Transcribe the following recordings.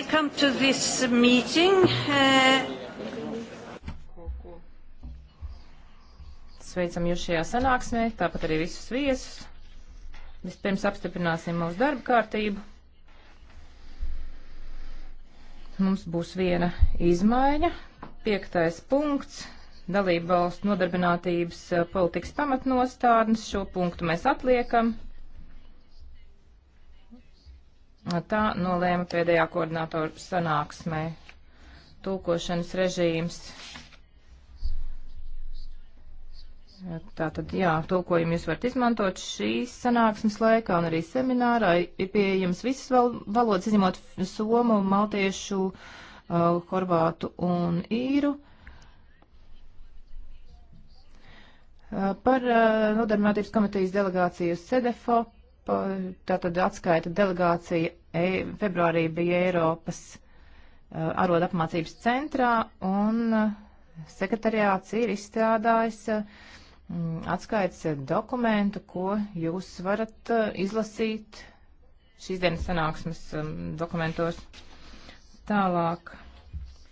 Welcome to this meeting. Uh, Sveicam jūs šajā sanāksmē, tāpat arī visus viesus. Vispirms apstiprināsim mūsu darba kārtību. Mums būs viena izmaiņa. Piektais punkts - dalība valsts nodarbinātības uh, politikas pamatnostādnes. Šo punktu mēs atliekam. Tā nolēma pēdējā koordinātoru sanāksmē. Tūkošanas režīms. Tātad, jā, tulkojumu jūs varat izmantot šīs sanāksmes laikā un arī seminārā. Ir pieejams visas val valodas, izņemot somu, maltiešu, uh, horvātu un īru. Uh, par uh, nodarbinātības komitejas delegāciju SEDEFOP tātad atskaita delegācija e, februārī bija Eiropas uh, e, arod apmācības centrā un uh, sekretariāts ir izstrādājis uh, atskaits dokumentu, ko jūs varat e, izlasīt šīs dienas sanāksmes um, dokumentos. Tālāk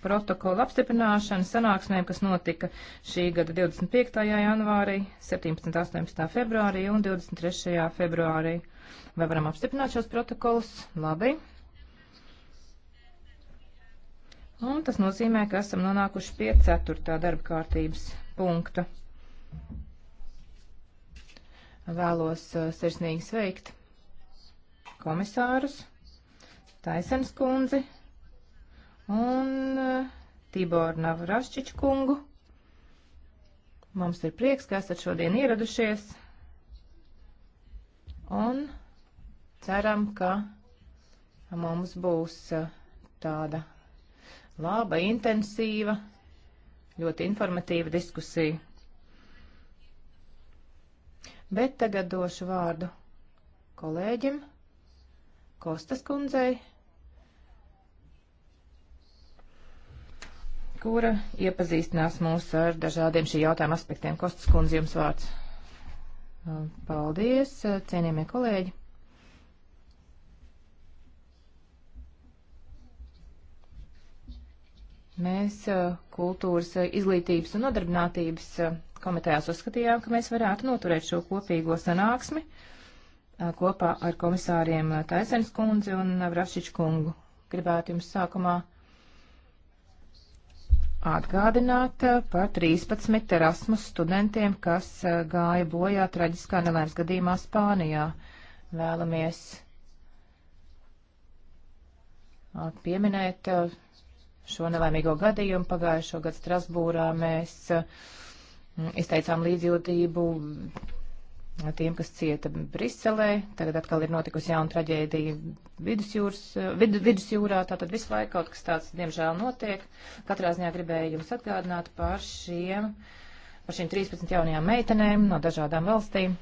protokola apstiprināšana sanāksmēm, kas notika šī gada 25. janvārī, 17. 18. februārī un 23. februārī. Vai varam apstiprināt šos protokolus? Labi. Un tas nozīmē, ka esam nonākuši pie 4. darba kārtības punkta. Vēlos uh, sirsnīgi sveikt komisārus, Taisens kundzi, un eh, Tiboru Navrašķiču kungu. Mums ir prieks, ka esat šodien ieradušies un ceram, ka mums būs eh, tāda laba, intensīva, ļoti informatīva diskusija. Bet tagad došu vārdu kolēģim Kostas kundzei. kura iepazīstinās mūs ar dažādiem šī jautājuma aspektiem. Kostas kundze, jums vārds. Uh, paldies, uh, cienījamie kolēģi. Mēs uh, kultūras izglītības un nodarbinātības komitejās uzskatījām, ka mēs varētu noturēt šo kopīgo sanāksmi kopā ar komisāriem Taisens kundzi un Vrašič kungu. Gribētu jums sākumā uh, atgādināt eh, par 13 Erasmus studentiem, kas eh, gāja bojā traģiskā nelaimes gadījumā Spānijā. Vēlamies eh, pieminēt šo nelaimīgo gadījumu. Pagājušo gadu Strasbūrā mēs izteicām līdzjūtību tiem, kas cieta Briselē. Tagad atkal ir notikusi jauna traģēdija vidusjūras, eh, vid, vidusjūrā, tātad visu laiku kaut kas tāds, diemžēl, notiek. Katrā ziņā gribēju jums atgādināt par šiem, par šīm 13 jaunajām meitenēm no dažādām valstīm,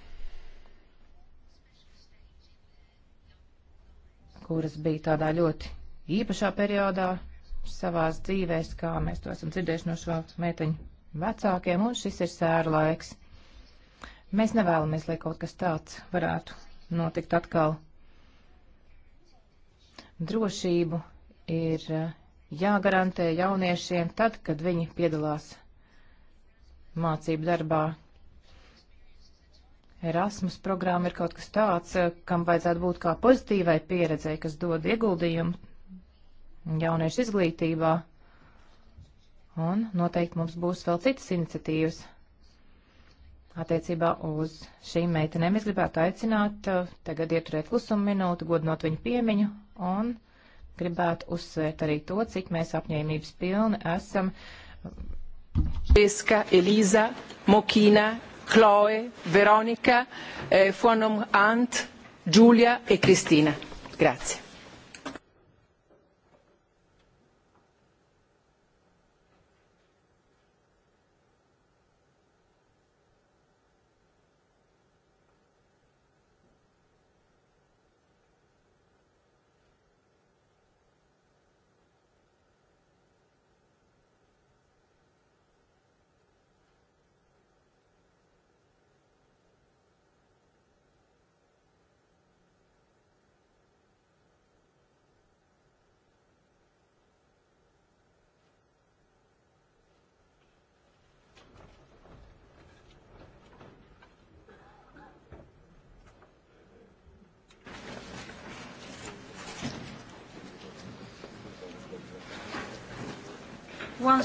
kuras bija tādā ļoti īpašā periodā savās dzīvēs, kā mēs to esam dzirdējuši no šo meiteņu vecākiem, un šis ir sēra laiks. Mēs nevēlamies, lai kaut kas tāds varētu notikt atkal. Drošību ir eh, jāgarantē jauniešiem tad, kad viņi piedalās mācību darbā. Erasmus programma ir kaut kas tāds, eh, kam vajadzētu būt kā pozitīvai pieredzei, kas dod ieguldījumu jauniešu izglītībā. Un noteikti mums būs vēl citas iniciatīvas attiecībā uz šīm meitenēm. Es gribētu aicināt uh, tagad ieturēt klusumu minūti, godinot viņu piemiņu un gribētu uzsvērt arī to, cik mēs apņēmības pilni esam. Peska, Elīza, Mokīna, Chloe, Veronika, eh, Fonom Ant, Giulia e Kristīna. Grazie.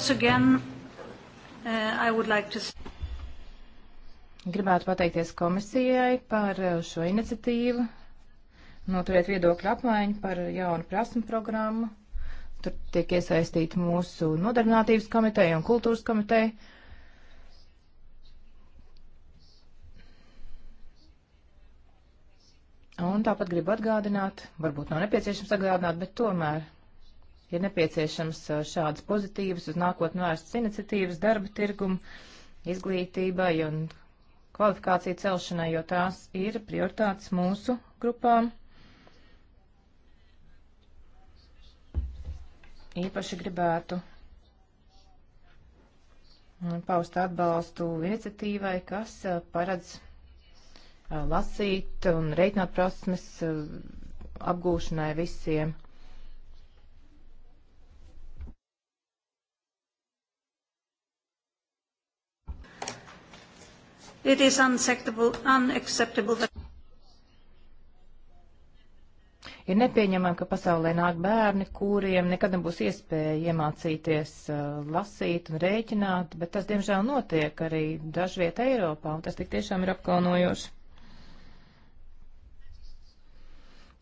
once again, uh, I would like to Gribētu pateikties komisijai par uh, šo iniciatīvu, noturēt viedokļu apmaiņu par jaunu prasmu programmu. Tur tiek iesaistīti mūsu nodarbinātības komiteja un kultūras komiteja. Un tāpat gribu atgādināt, varbūt nav nepieciešams atgādināt, bet tomēr ir nepieciešams šādas pozitīvas uz nākotnē vērstas iniciatīvas darba tirgumu, izglītībai un kvalifikāciju celšanai, jo tās ir prioritātes mūsu grupām. Īpaši gribētu paust atbalstu iniciatīvai, kas paredz lasīt un reiķināt prasmes apgūšanai visiem. It is unacceptable, unacceptable that Ir nepieņemami, ka pasaulē nāk bērni, kuriem nekad nebūs iespēja iemācīties uh, lasīt un rēķināt, bet tas, diemžēl, notiek arī dažviet Eiropā, un tas tik tiešām ir apkaunojoši.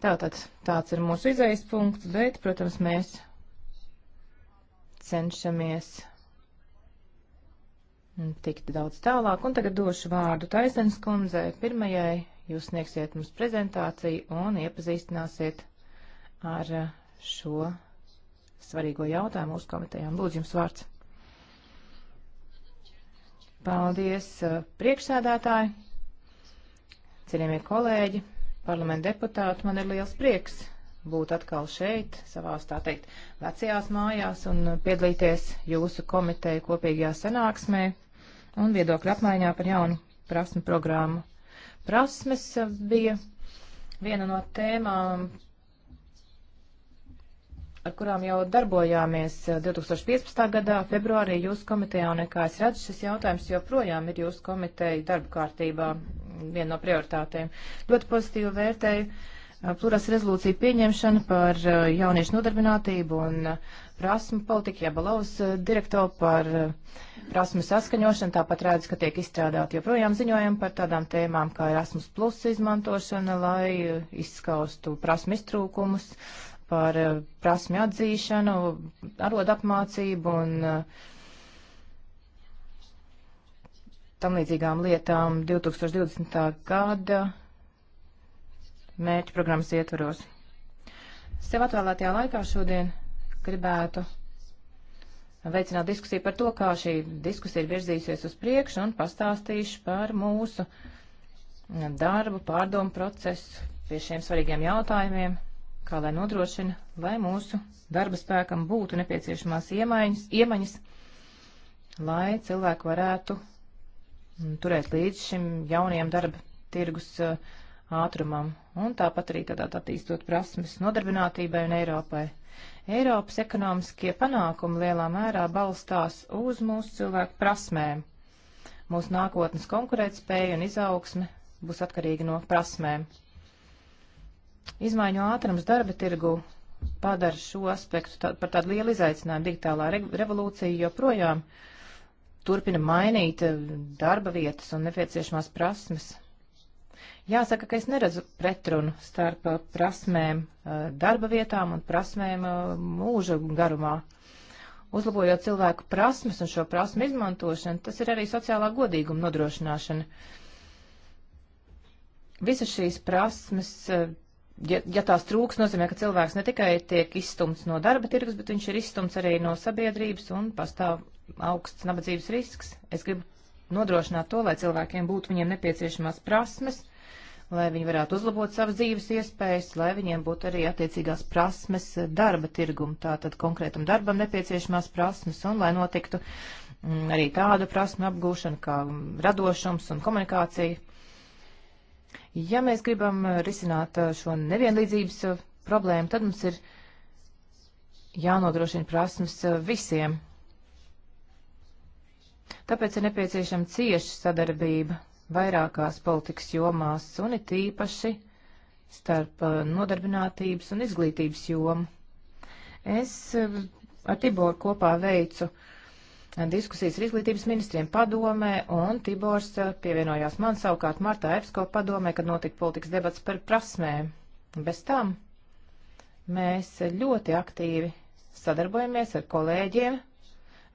Tātad tāds ir mūsu izējas punkts, bet, protams, mēs cenšamies tikt daudz tālāk. Un tagad došu vārdu Taisens kundzei. Pirmajai jūs sniegsiet mums prezentāciju un iepazīstināsiet ar šo svarīgo jautājumu mūsu komitejām. Lūdzu, jums vārds. Paldies, priekšsēdētāji, cienījamie kolēģi, parlamenta deputāti. Man ir liels prieks būt atkal šeit, savās tā teikt, vecajās mājās un piedalīties jūsu komiteju kopīgajā sanāksmē un viedokļu apmaiņā par jaunu prasmu programmu. Prasmes eh, bija viena no tēmām, ar kurām jau darbojāmies 2015. Eh, gadā, februārī jūsu komitejā, un kā es redzu, šis jautājums joprojām ir jūsu komiteja darba kārtībā viena no prioritātēm. Ļoti pozitīvi vērtēju Uh, Pluras rezolūcija pieņemšana par uh, jauniešu nodarbinātību un uh, prasmu politiku, ja Balaus direktoru par prasmu saskaņošanu, tāpat redz, ka tiek izstrādāti joprojām ziņojumi par tādām tēmām kā Erasmus Plus izmantošana, lai izskaustu prasmu iztrūkumus, par prasmu atzīšanu, arodapmācību un tam līdzīgām lietām 2020. gada mērķu programmas ietvaros. Sev atvēlētajā laikā šodien gribētu veicināt diskusiju par to, kā šī diskusija ir virzījusies uz priekšu un pastāstīšu par mūsu darbu, pārdomu procesu pie šiem svarīgiem jautājumiem, kā lai nodrošina, lai mūsu darba spēkam būtu nepieciešamās iemaņas, iemaņas lai cilvēki varētu turēt līdz šim jaunajam darba tirgus uh, ātrumam un tāpat arī tādā attīstot prasmes nodarbinātībai un Eiropai. Eiropas ekonomiskie panākumi lielā mērā balstās uz mūsu cilvēku prasmēm. Mūsu nākotnes konkurētspēja un izaugsme būs atkarīga no prasmēm. Izmaiņu ātrums darba tirgu padara šo aspektu tā, par tādu lielu izaicinājumu. Digitālā re revolūcija joprojām turpina mainīt eh, darba vietas un nepieciešamās prasmes Jāsaka, ka es neredzu pretrunu starp uh, prasmēm uh, darba vietām un prasmēm uh, mūža garumā. Uzlabojot cilvēku prasmes un šo prasmu izmantošanu, tas ir arī sociālā godīguma nodrošināšana. Visas šīs prasmes, ja, ja tās trūks, nozīmē, ka cilvēks ne tikai tiek izstumts no darba tirgus, bet viņš ir izstumts arī no sabiedrības un pastāv augsts nabadzības risks. Es gribu nodrošināt to, lai cilvēkiem būtu viņiem nepieciešamās prasmes, uh, lai viņi varētu uzlabot savas dzīves iespējas, lai viņiem būtu arī attiecīgās prasmes darba tirgumu, tātad konkrētam darbam nepieciešamās prasmes, un lai notiktu mm, arī tādu prasmu apgūšanu kā radošums un komunikācija. Ja mēs gribam eh, risināt eh, šo nevienlīdzības eh, problēmu, tad mums ir jānodrošina prasmes visiem. Tāpēc ir nepieciešama cieša sadarbība vairākās politikas jomās un it īpaši starp uh, nodarbinātības un izglītības jomu. Es uh, ar Tiboru kopā veicu uh, diskusijas ar izglītības ministriem padomē, un Tibors pievienojās man savukārt Martā Epsko padomē, kad notika politikas debats par prasmēm. Bez tam mēs ļoti aktīvi sadarbojamies ar kolēģiem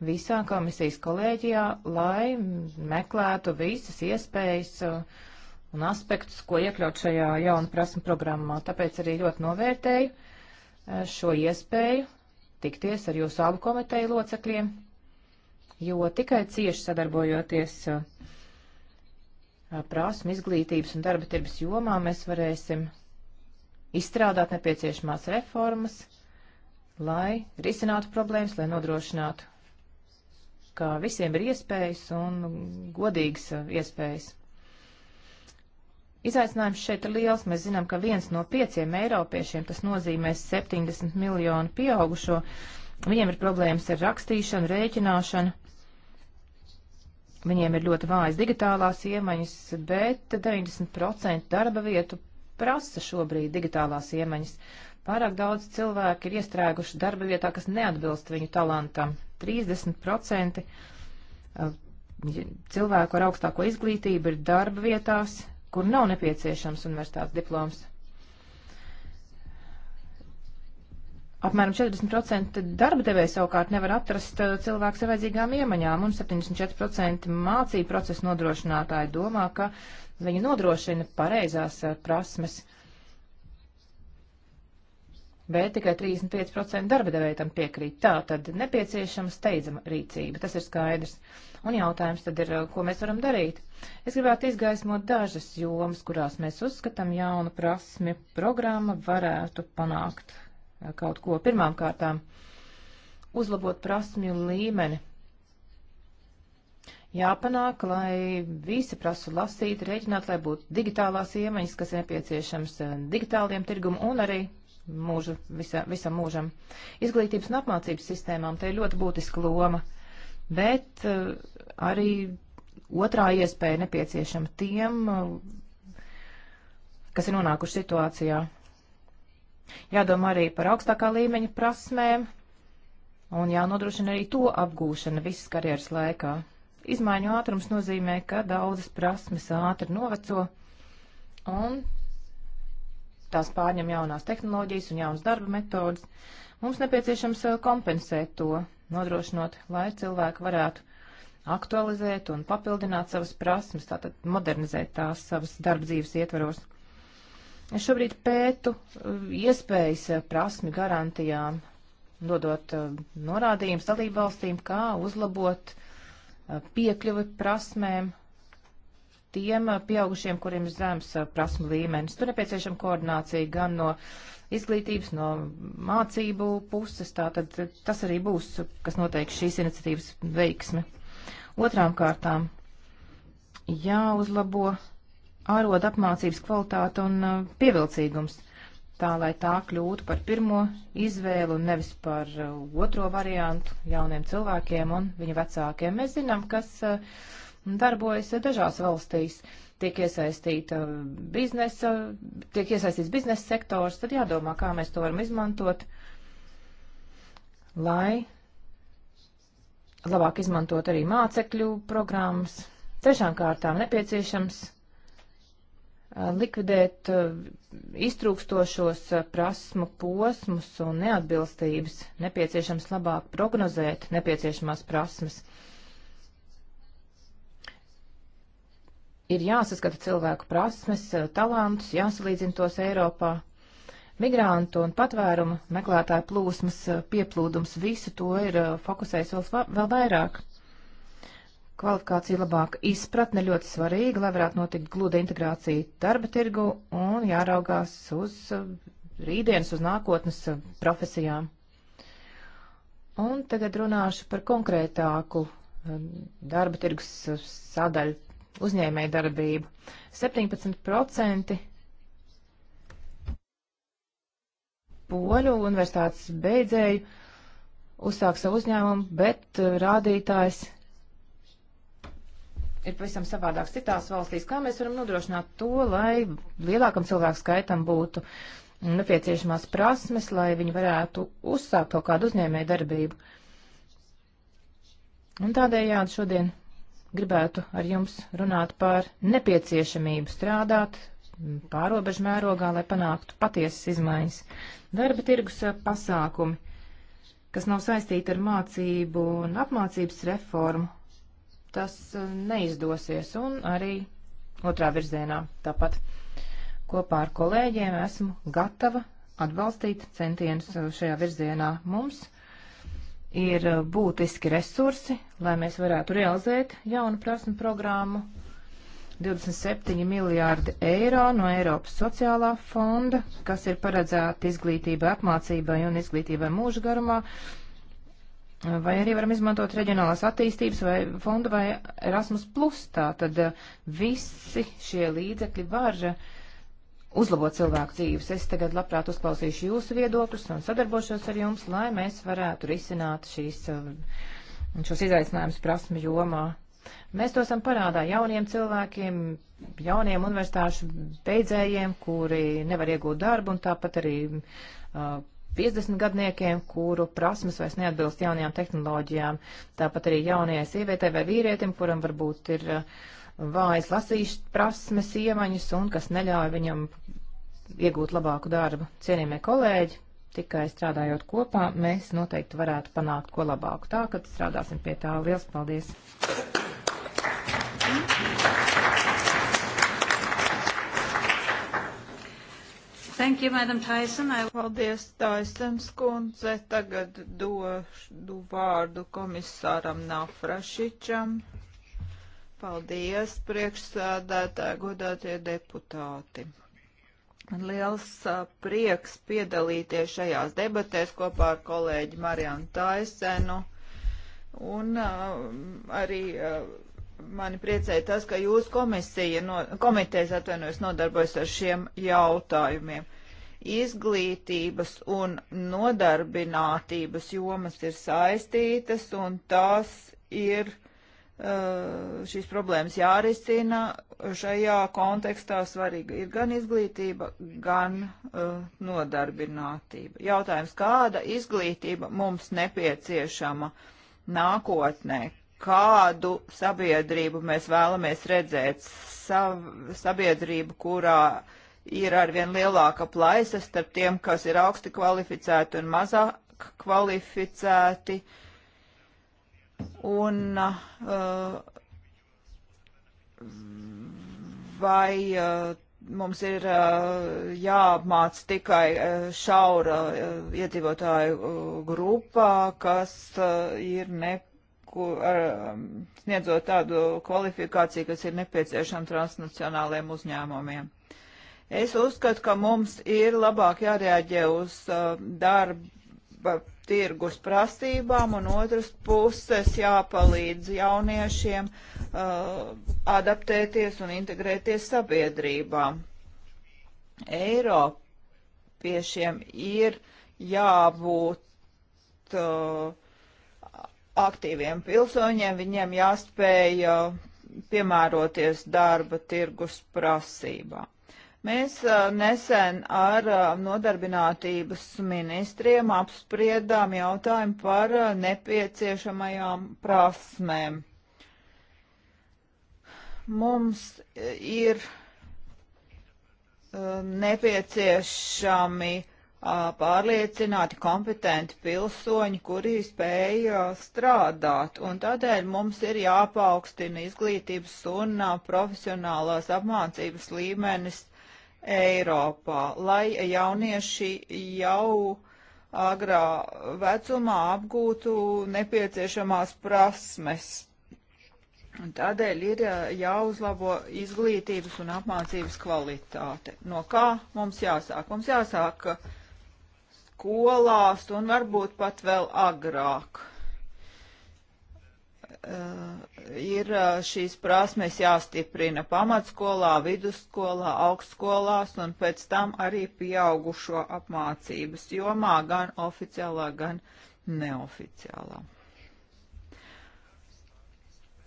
visā komisijas kolēģijā, lai meklētu visas iespējas uh, un aspektus, ko iekļaut šajā jaunu prasmu programmā. Tāpēc arī ļoti novērtēju uh, šo iespēju tikties ar jūsu abu komiteju locekļiem, jo tikai cieši sadarbojoties uh, prasmu izglītības un darba tirgus jomā mēs varēsim izstrādāt nepieciešamās reformas, lai risinātu problēmas, lai nodrošinātu ka visiem ir iespējas un godīgas uh, iespējas. Izaicinājums šeit ir liels. Mēs zinām, ka viens no pieciem eiropiešiem, tas nozīmē 70 miljonu pieaugušo, viņiem ir problēmas ar rakstīšanu, rēķināšanu. Viņiem ir ļoti vājas digitālās iemaņas, bet 90% darba vietu prasa šobrīd digitālās iemaņas. Pārāk daudz cilvēku ir iestrēguši darba vietā, kas neatbilst viņu talantam. 30% eh, cilvēku ar augstāko izglītību ir darba vietās, kur nav nepieciešams universitātes diploms. Apmēram 40% darba devēja savukārt nevar atrast eh, cilvēku ar vajadzīgām iemaņām, un 74% mācību procesu nodrošinātāji domā, ka viņi nodrošina pareizās eh, prasmes bet tikai 35% darba devēja tam piekrīt. Tā tad nepieciešama steidzama rīcība, tas ir skaidrs. Un jautājums tad ir, ko mēs varam darīt? Es gribētu izgaismot dažas jomas, kurās mēs uzskatām jaunu prasmi programma varētu panākt eh, kaut ko. Pirmām kārtām uzlabot prasmju līmeni. Jāpanāk, lai visi prasu lasīt, rēķināt, lai būtu digitālās iemaņas, kas nepieciešams eh, digitāliem tirgumu un arī mūžu, visa, visam mūžam. Izglītības un apmācības sistēmām te ir ļoti būtiska loma, bet eh, arī otrā iespēja nepieciešama tiem, eh, kas ir nonākuši situācijā. Jādomā arī par augstākā līmeņa prasmēm un jānodrošina arī to apgūšana visas karjeras laikā. Izmaiņu ātrums nozīmē, ka daudzas prasmes ātri noveco un tās pārņem jaunās tehnoloģijas un jaunas darba metodas. Mums nepieciešams eh, kompensēt to, nodrošinot, lai cilvēki varētu aktualizēt un papildināt savas prasmes, tātad modernizēt tās savas darba dzīves ietvaros. Es šobrīd pētu eh, iespējas eh, prasmi garantijām, dodot norādījumus dalībvalstīm, kā uzlabot piekļuvi prasmēm tiem pieaugušiem, kuriem ir zems prasmu līmenis. Tur nepieciešama koordinācija gan no izglītības, no mācību puses, tātad tas arī būs, kas noteikti šīs iniciatīvas veiksmi. Otrām kārtām jāuzlabo ārodu apmācības kvalitāte un pievilcīgums tā, lai tā kļūtu par pirmo izvēlu un nevis par uh, otro variantu jauniem cilvēkiem un viņu vecākiem. Mēs zinām, kas uh, darbojas dažās valstīs. Tiek iesaistīta biznesa, tiek iesaistīts biznesa sektors, tad jādomā, kā mēs to varam izmantot, lai labāk izmantot arī mācekļu programmas. Trešām kārtām nepieciešams eh, likvidēt eh, iztrūkstošos eh, prasmu posmus un neatbilstības, nepieciešams labāk prognozēt nepieciešamās prasmes. ir jāsaskata cilvēku prasmes, talantus, jāsalīdzina tos Eiropā. Migrantu un patvērumu meklētāju plūsmas eh, pieplūdums visu to ir eh, fokusējis vēl, vēl vairāk. Kvalifikācija labāka izpratne ļoti svarīga, lai varētu notikt gluda integrācija darba tirgu un jāraugās uz eh, rītdienas, uz nākotnes profesijām. Un tagad runāšu par konkrētāku darba tirgus sadaļu uzņēmēju darbību. 17% poļu universitātes beidzēju uzsāk savu uzņēmumu, bet eh, rādītājs ir pavisam savādāks citās valstīs. Kā mēs varam nodrošināt to, lai lielākam cilvēku skaitam būtu nepieciešamās prasmes, lai viņi varētu uzsākt kaut kādu uzņēmēju darbību? Un tādējādi šodien gribētu ar jums runāt par nepieciešamību strādāt pārobežu mērogā, lai panāktu patiesas izmaiņas. Darba tirgus eh, pasākumi, kas nav saistīti ar mācību un apmācības reformu, tas eh, neizdosies un arī otrā virzienā tāpat. Kopā ar kolēģiem esmu gatava atbalstīt centienus eh, šajā virzienā. Mums ir eh, būtiski resursi, lai mēs varētu realizēt jaunu prasmu programmu. 27 miljārdi eiro no Eiropas sociālā fonda, kas ir paredzēti izglītībai, apmācībai un izglītībai mūža garumā, vai arī varam izmantot reģionālās attīstības vai fondu vai Erasmus. Plus, tā tad eh, visi šie līdzekļi var uh, uzlabot cilvēku dzīves. Es tagad labprāt uzklausīšu jūsu viedokļus un sadarbošos ar jums, lai mēs varētu risināt šīs, um, šos izaicinājumus prasmu jomā. Mēs to esam parādā jauniem cilvēkiem, jauniem universitāšu beidzējiem, kuri nevar iegūt darbu, un tāpat arī uh, 50 gadniekiem, kuru prasmes vairs neatbilst jaunajām tehnoloģijām. Tāpat arī jaunajai sievietei vai vīrietim, kuram varbūt ir. Uh, vājas lasīšanas prasmes iemaņas un kas neļauj viņam iegūt labāku darbu. Cienījamie kolēģi, tikai strādājot kopā, mēs noteikti varētu panākt ko labāku. Tā, kad strādāsim pie tā. Liels paldies! Thank you, Madam Tyson. I... Paldies, Taisens kundze. Tagad došu do vārdu komisāram Nafrašičam. Paldies, priekšsādātāji, godātie deputāti. Man liels prieks piedalīties šajās debatēs kopā ar kolēģi Marianu Taisenu. Un uh, arī uh, mani priecēja tas, ka jūs komisija, no, komitejas atvainojas, nodarbojas ar šiem jautājumiem. Izglītības un nodarbinātības jomas ir saistītas un tās ir Uh, šīs problēmas jārisina. Šajā kontekstā svarīga ir gan izglītība, gan uh, nodarbinātība. Jautājums, kāda izglītība mums nepieciešama nākotnē? Kādu sabiedrību mēs vēlamies redzēt? Sav, sabiedrību, kurā ir arvien lielāka plaisa starp tiem, kas ir augsti kvalificēti un mazāk kvalificēti. Uh, un uh, vai uh, mums ir uh, jāapmāc tikai uh, šaura uh, iedzīvotāju uh, grupā, kas uh, ir ne ar, um, sniedzot tādu kvalifikāciju, kas ir nepieciešama transnacionāliem uzņēmumiem. Es uzskatu, ka mums ir labāk jārēģē uz uh, darba tirgus prasībām, un otras puses jāpalīdz jauniešiem uh, adaptēties un integrēties sabiedrībā. Eiropiešiem ir jābūt uh, aktīviem pilsoņiem, viņiem jāspēj uh, piemēroties darba tirgus prasībām. Mēs nesen ar nodarbinātības ministriem apspriedām jautājumu par nepieciešamajām prasmēm. Mums ir nepieciešami pārliecināti, kompetenti pilsoņi, kuri spēja strādāt. Un tādēļ mums ir jāpaukstina izglītības un profesionālās apmācības līmenis Eiropā, lai jaunieši jau agrā vecumā apgūtu nepieciešamās prasmes. Un tādēļ ir eh, jāuzlabo izglītības un apmācības kvalitāte. No kā mums jāsāk? Mums jāsāk skolās un varbūt pat vēl agrāk. Eh, ir eh, šīs prasmes jāstiprina pamatskolā, vidusskolā, augstskolās un pēc tam arī pieaugušo apmācības jomā, gan oficiālā, gan neoficiālā.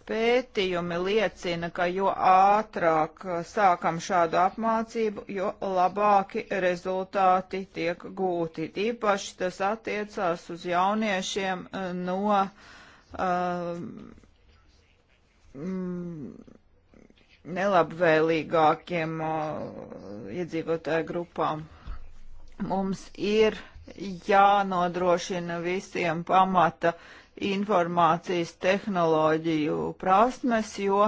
Pētījumi liecina, ka jo ātrāk eh, sākam šādu apmācību, jo labāki rezultāti tiek gūti. Īpaši tas attiecās uz jauniešiem no uh, Um, nelabvēlīgākiem uh, iedzīvotāju grupām. Mums ir jānodrošina visiem pamata informācijas tehnoloģiju prasmes, jo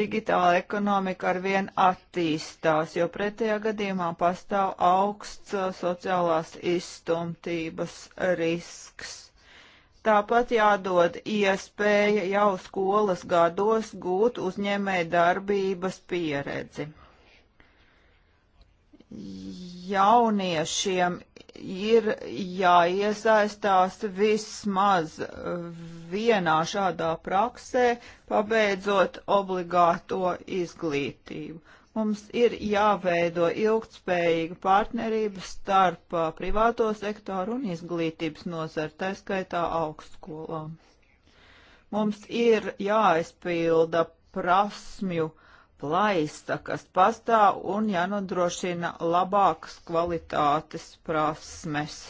digitāla ekonomika arvien attīstās, jo pretējā gadījumā pastāv augsts uh, sociālās izstumtības risks. Tāpat jādod iespēja jau skolas gados gūt uzņēmēja darbības pieredzi. Jauniešiem ir jāiesaistās vismaz vienā šādā praksē, pabeidzot obligāto izglītību. Mums ir jāveido ilgtspējīga partnerība starp uh, privāto sektoru un izglītības nozari, tā skaitā augstskolām. Mums ir jāaizpilda prasmju plaista, kas pastāv un jānodrošina labākas kvalitātes prasmes.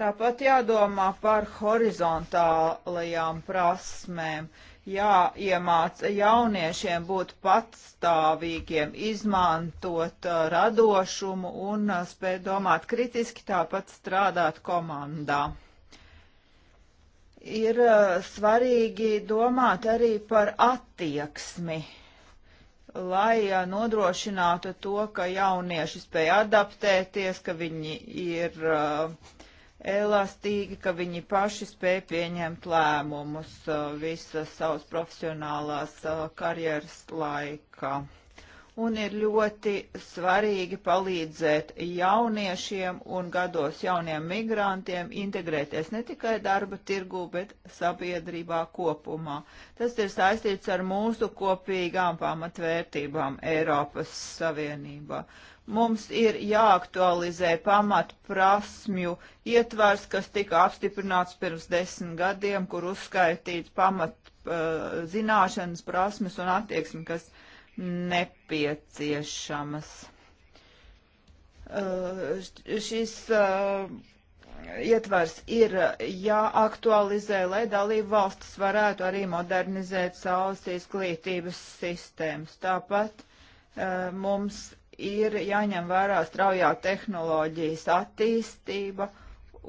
Tāpat jādomā par horizontālajām prasmēm jāiemāca jauniešiem būt patstāvīgiem, izmantot uh, radošumu un uh, spēt domāt kritiski, tāpat strādāt komandā. Ir uh, svarīgi domāt arī par attieksmi lai a, uh, nodrošinātu to, ka jaunieši spēj adaptēties, ka viņi ir uh, elastīgi, ka viņi paši spēja pieņemt lēmumus uh, visas savas profesionālās uh, karjeras laikā. Un ir ļoti svarīgi palīdzēt jauniešiem un gados jauniem migrantiem integrēties ne tikai darba tirgū, bet sabiedrībā kopumā. Tas ir saistīts ar mūsu kopīgām pamatvērtībām Eiropas Savienībā. Uh, Mums ir jāaktualizē pamatprasmju ietvars, kas tika apstiprināts pirms desmit gadiem, kur uzskaitīts pamat uh, zināšanas, prasmes un attieksmi, kas nepieciešamas. Uh, šis uh, ietvars ir jāaktualizē, lai dalību valstis varētu arī modernizēt savas izglītības sistēmas. Tāpat uh, mums ir jāņem vērā straujā tehnoloģijas attīstība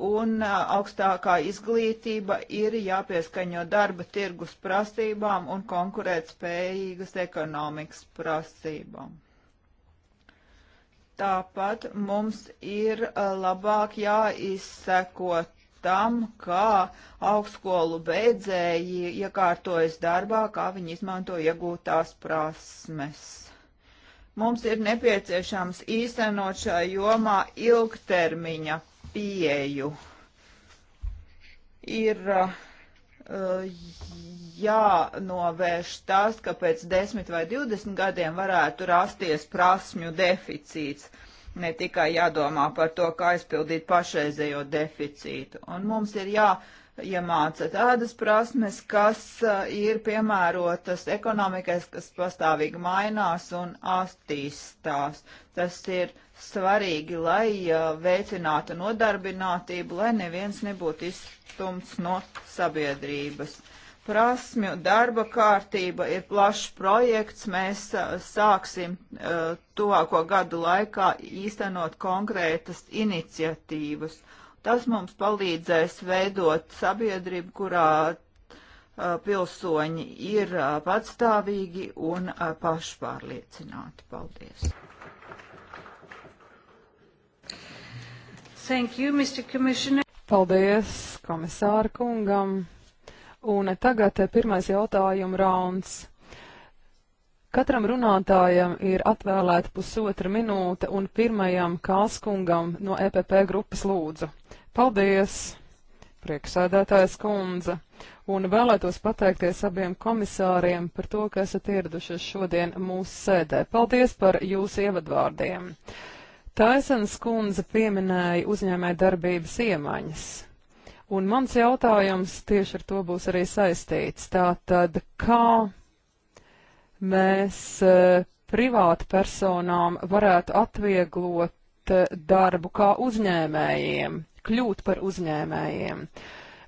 un augstākā izglītība ir jāpieskaņo darba tirgus prasībām un konkurētspējīgas ekonomikas prasībām. Tāpat mums ir labāk jāizsekot tam, kā augstskolu beidzēji iekārtojas darbā, kā viņi izmanto iegūtās prasmes Mums ir nepieciešams īstenot šajā jomā ilgtermiņa pieeju. Ir uh, jānovērš tas, ka pēc 10 vai 20 gadiem varētu rasties prasmju deficīts. Ne tikai jādomā par to, kā aizpildīt pašreizējo deficītu. Un mums ir jānovērš iemāca ja tādas prasmes, kas ir piemērotas ekonomikai, kas pastāvīgi mainās un attīstās. Tas ir svarīgi, lai veicinātu nodarbinātību, lai neviens nebūtu izstumts no sabiedrības. Prasmju darba kārtība ir plašs projekts. Mēs sāksim tuvāko gadu laikā īstenot konkrētas iniciatīvas Tas mums palīdzēs veidot sabiedrību, kurā pilsoņi ir patstāvīgi un pašpārliecināti. Paldies! Thank you, Mr. Commissioner. Paldies komisāra kungam. Un tagad pirmais jautājuma rauns. Katram runātājam ir atvēlēta pusotra minūte un pirmajam kāskungam no EPP grupas lūdzu. Paldies, prieksēdētājs kundze, un vēlētos pateikties abiem komisāriem par to, ka esat ieradušies šodien mūsu sēdē. Paldies par jūsu ievadvārdiem. Taisens kundze pieminēja uzņēmē darbības iemaņas. Un mans jautājums tieši ar to būs arī saistīts. Tātad, kā mēs eh, privātu personām varētu atvieglot eh, darbu kā uzņēmējiem, kļūt par uzņēmējiem.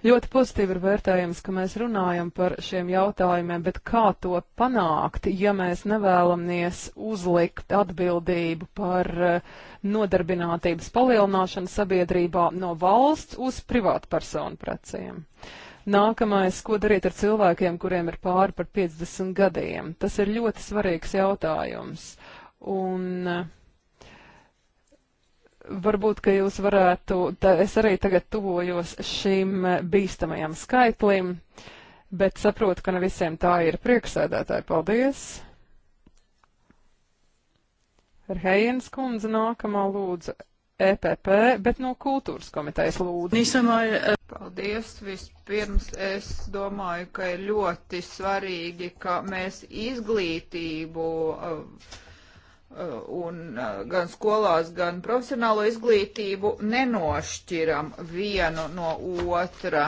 Ļoti pozitīvi ir vērtējums, ka mēs runājam par šiem jautājumiem, bet kā to panākt, ja mēs nevēlamies uzlikt atbildību par eh, nodarbinātības palielināšanu sabiedrībā no valsts uz privātpersonu preciem? Uh, Nākamais, ko darīt ar cilvēkiem, kuriem ir pāri par 50 gadiem? Tas ir ļoti svarīgs jautājums. Un eh, varbūt, ka jūs varētu, tā, es arī tagad tuvojos šim eh, bīstamajam skaitlim, bet saprotu, ka ne visiem tā ir prieksēdētāji. Paldies! Ar Heijens kundze nākamā lūdzu EPP, bet no kultūras komitejas lūdzu. Nīsamai, Paldies! Vispirms es domāju, ka ir ļoti svarīgi, ka mēs izglītību uh, uh, un uh, gan skolās, gan profesionālo izglītību nenošķiram vienu no otra,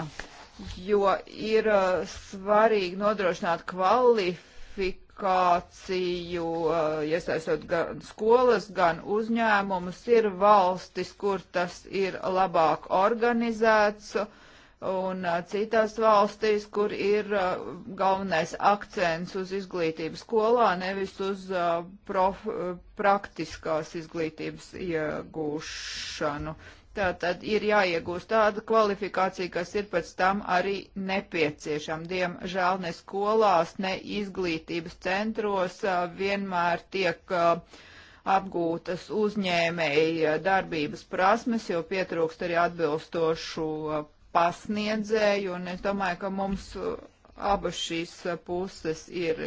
jo ir svarīgi nodrošināt kvalifikāciju komunikāciju, eh, iesaistot gan skolas, gan uzņēmumus, ir valstis, kur tas ir labāk organizēts, un eh, citās valstīs, kur ir eh, galvenais akcents uz izglītību skolā, nevis uz prof, praktiskās izglītības iegūšanu. Uh, Tā tad ir jāiegūst tāda kvalifikācija, kas ir pēc tam arī nepieciešama. Diemžēl ne skolās, ne izglītības centros vienmēr tiek apgūtas uzņēmēja darbības prasmes, jo pietrūkst arī atbilstošu pasniedzēju, un es domāju, ka mums abas šīs puses ir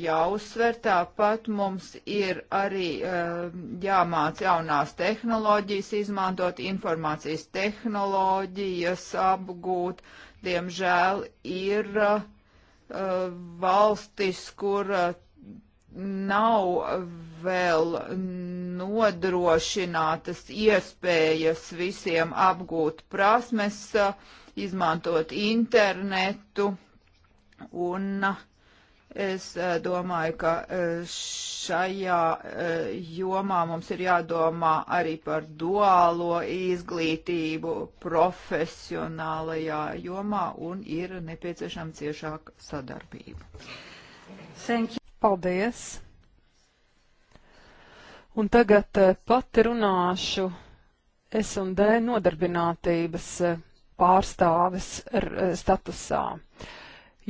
jāuzsver. Tāpat mums ir arī eh, jāmāc jaunās tehnoloģijas izmantot, informācijas tehnoloģijas apgūt. Diemžēl ir eh, valstis, kur eh, nav vēl nodrošinātas iespējas visiem apgūt prasmes, izmantot internetu un uh, Es eh, domāju, ka eh, šajā eh, jomā mums ir jādomā arī par duālo izglītību profesionālajā jomā un ir nepieciešama ciešāka sadarbība. Thank you. Paldies! Un tagad pati runāšu S un D nodarbinātības pārstāves statusā.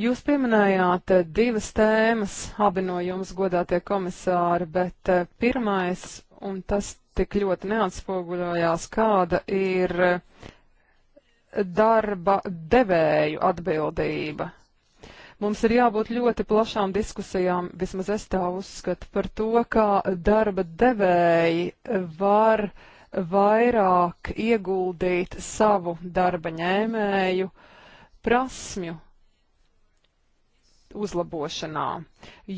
Jūs pieminējāt eh, divas tēmas, abi no jums godātie komisāri, bet eh, pirmais, un tas tik ļoti neatspoguļojās, kāda ir eh, darba devēju atbildība. Mums ir jābūt ļoti plašām diskusijām, vismaz es tā uzskatu, par to, kā darba devēji var vairāk ieguldīt savu darba ņēmēju prasmju uzlabošanā,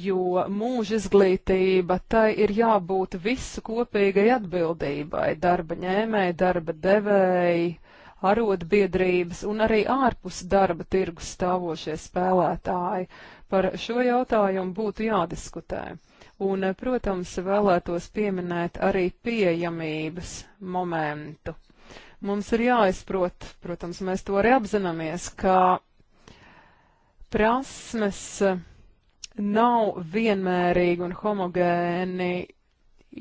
jo mūža izglītība tai ir jābūt visu kopīgai atbildībai - darba ņēmēji, darba devēji, arotbiedrības un arī ārpus darba tirgus stāvošie spēlētāji. Par šo jautājumu būtu jādiskutē. Un, protams, vēlētos pieminēt arī pieejamības momentu. Mums ir jāizprot, protams, mēs to arī apzināmies, ka prasmes eh, nav vienmērīgi un homogēni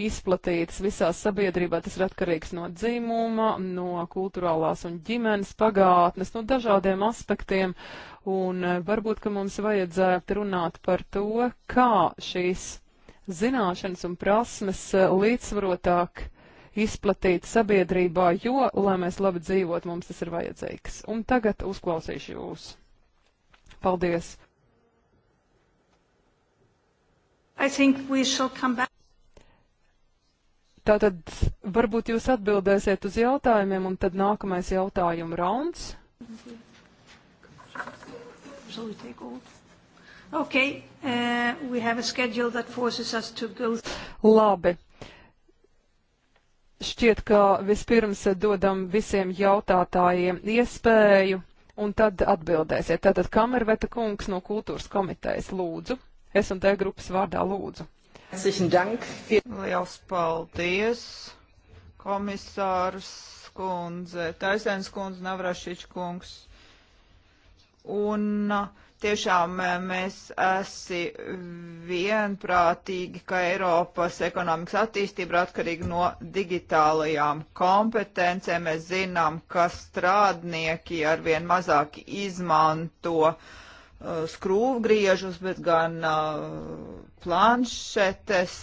izplatītas visā sabiedrībā. Tas ir atkarīgs no dzimuma, no kultūrālās un ģimenes pagātnes, no dažādiem aspektiem. Un eh, varbūt, ka mums vajadzētu runāt par to, kā šīs zināšanas un prasmes eh, līdzsvarotāk izplatīt sabiedrībā, jo, lai mēs labi dzīvot, mums tas ir vajadzīgs. Un tagad uzklausīšu jūs. Paldies! Tātad varbūt jūs atbildēsiet uz jautājumiem, un tad nākamais jautājuma rauns. Okay, uh, Labi. Šķiet, ka vispirms dodam visiem jautātājiem iespēju un tad atbildēsiet. Tātad Kamerveta kungs no kultūras komitejas lūdzu. Es un D grupas vārdā lūdzu. Liels paldies, komisārs kundze, Taisēns kundze, Navrašič kungs. Un uh, Tiešām eh, mēs esi vienprātīgi, ka Eiropas ekonomikas attīstība ir atkarīga no digitālajām kompetencēm. Mēs zinām, ka strādnieki arvien mazāk izmanto uh, skrūvgriežus, bet gan uh, planšetes,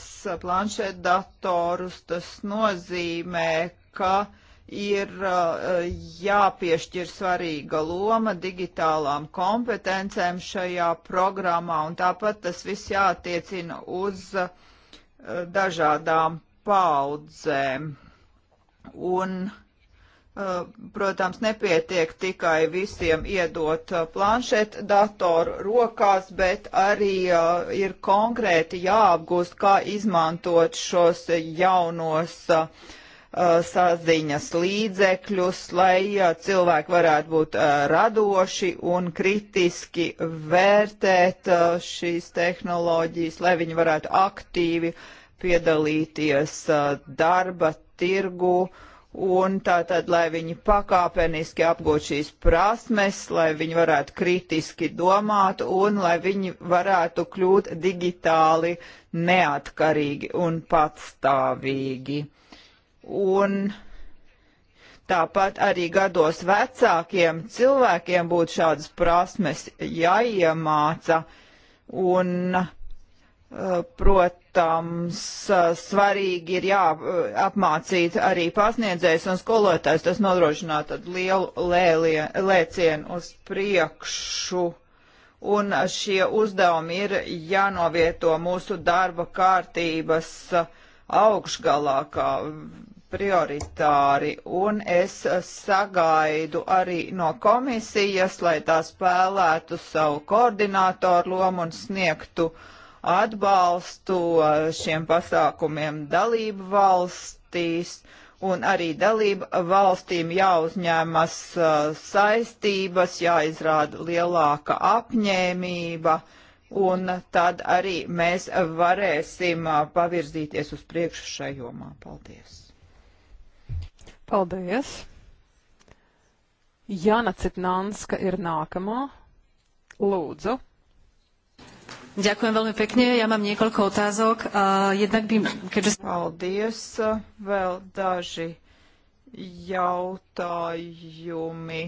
planšetdatorus. Tas nozīmē, ka uh, ir uh, jāpiešķir svarīga loma digitālām kompetencēm šajā programmā, un tāpat tas viss jātiecina uz uh, dažādām paudzēm. Un, uh, protams, nepietiek tikai visiem iedot planšetu datoru rokās, bet arī uh, ir konkrēti jāapgūst, kā izmantot šos jaunos uh, Uh, saziņas līdzekļus, lai uh, cilvēki varētu būt uh, radoši un kritiski vērtēt šīs tehnoloģijas, lai viņi varētu aktīvi piedalīties darba tirgu un tātad, lai viņi pakāpeniski apgūtu šīs prasmes, lai viņi varētu kritiski domāt un lai viņi varētu kļūt digitāli neatkarīgi un patstāvīgi un tāpat arī gados vecākiem cilvēkiem būtu šādas prasmes jāiemāca un eh, Protams, eh, svarīgi ir jāapmācīt eh, arī pasniedzējs un skolotājs. Tas nodrošinā tad lielu lēlie, lēcienu uz priekšu. Un šie uzdevumi ir jānovieto mūsu darba kārtības augšgalā, kā prioritāri, un es sagaidu arī no komisijas, lai tā spēlētu savu koordinātoru lomu un sniegtu atbalstu šiem pasākumiem dalību valstīs un arī dalība valstīm jāuzņemas uh, saistības, jāizrāda lielāka apņēmība, un tad arī mēs varēsim uh, pavirzīties uz priekšu šajomā. Paldies! Paldies! Jana Citnanska ir nākamā. Lūdzu. Ďakujem veľmi pekne. Ja mám niekoľko otázok. Uh, jednak by, keďže... Paldies. Vēl daži jautājumi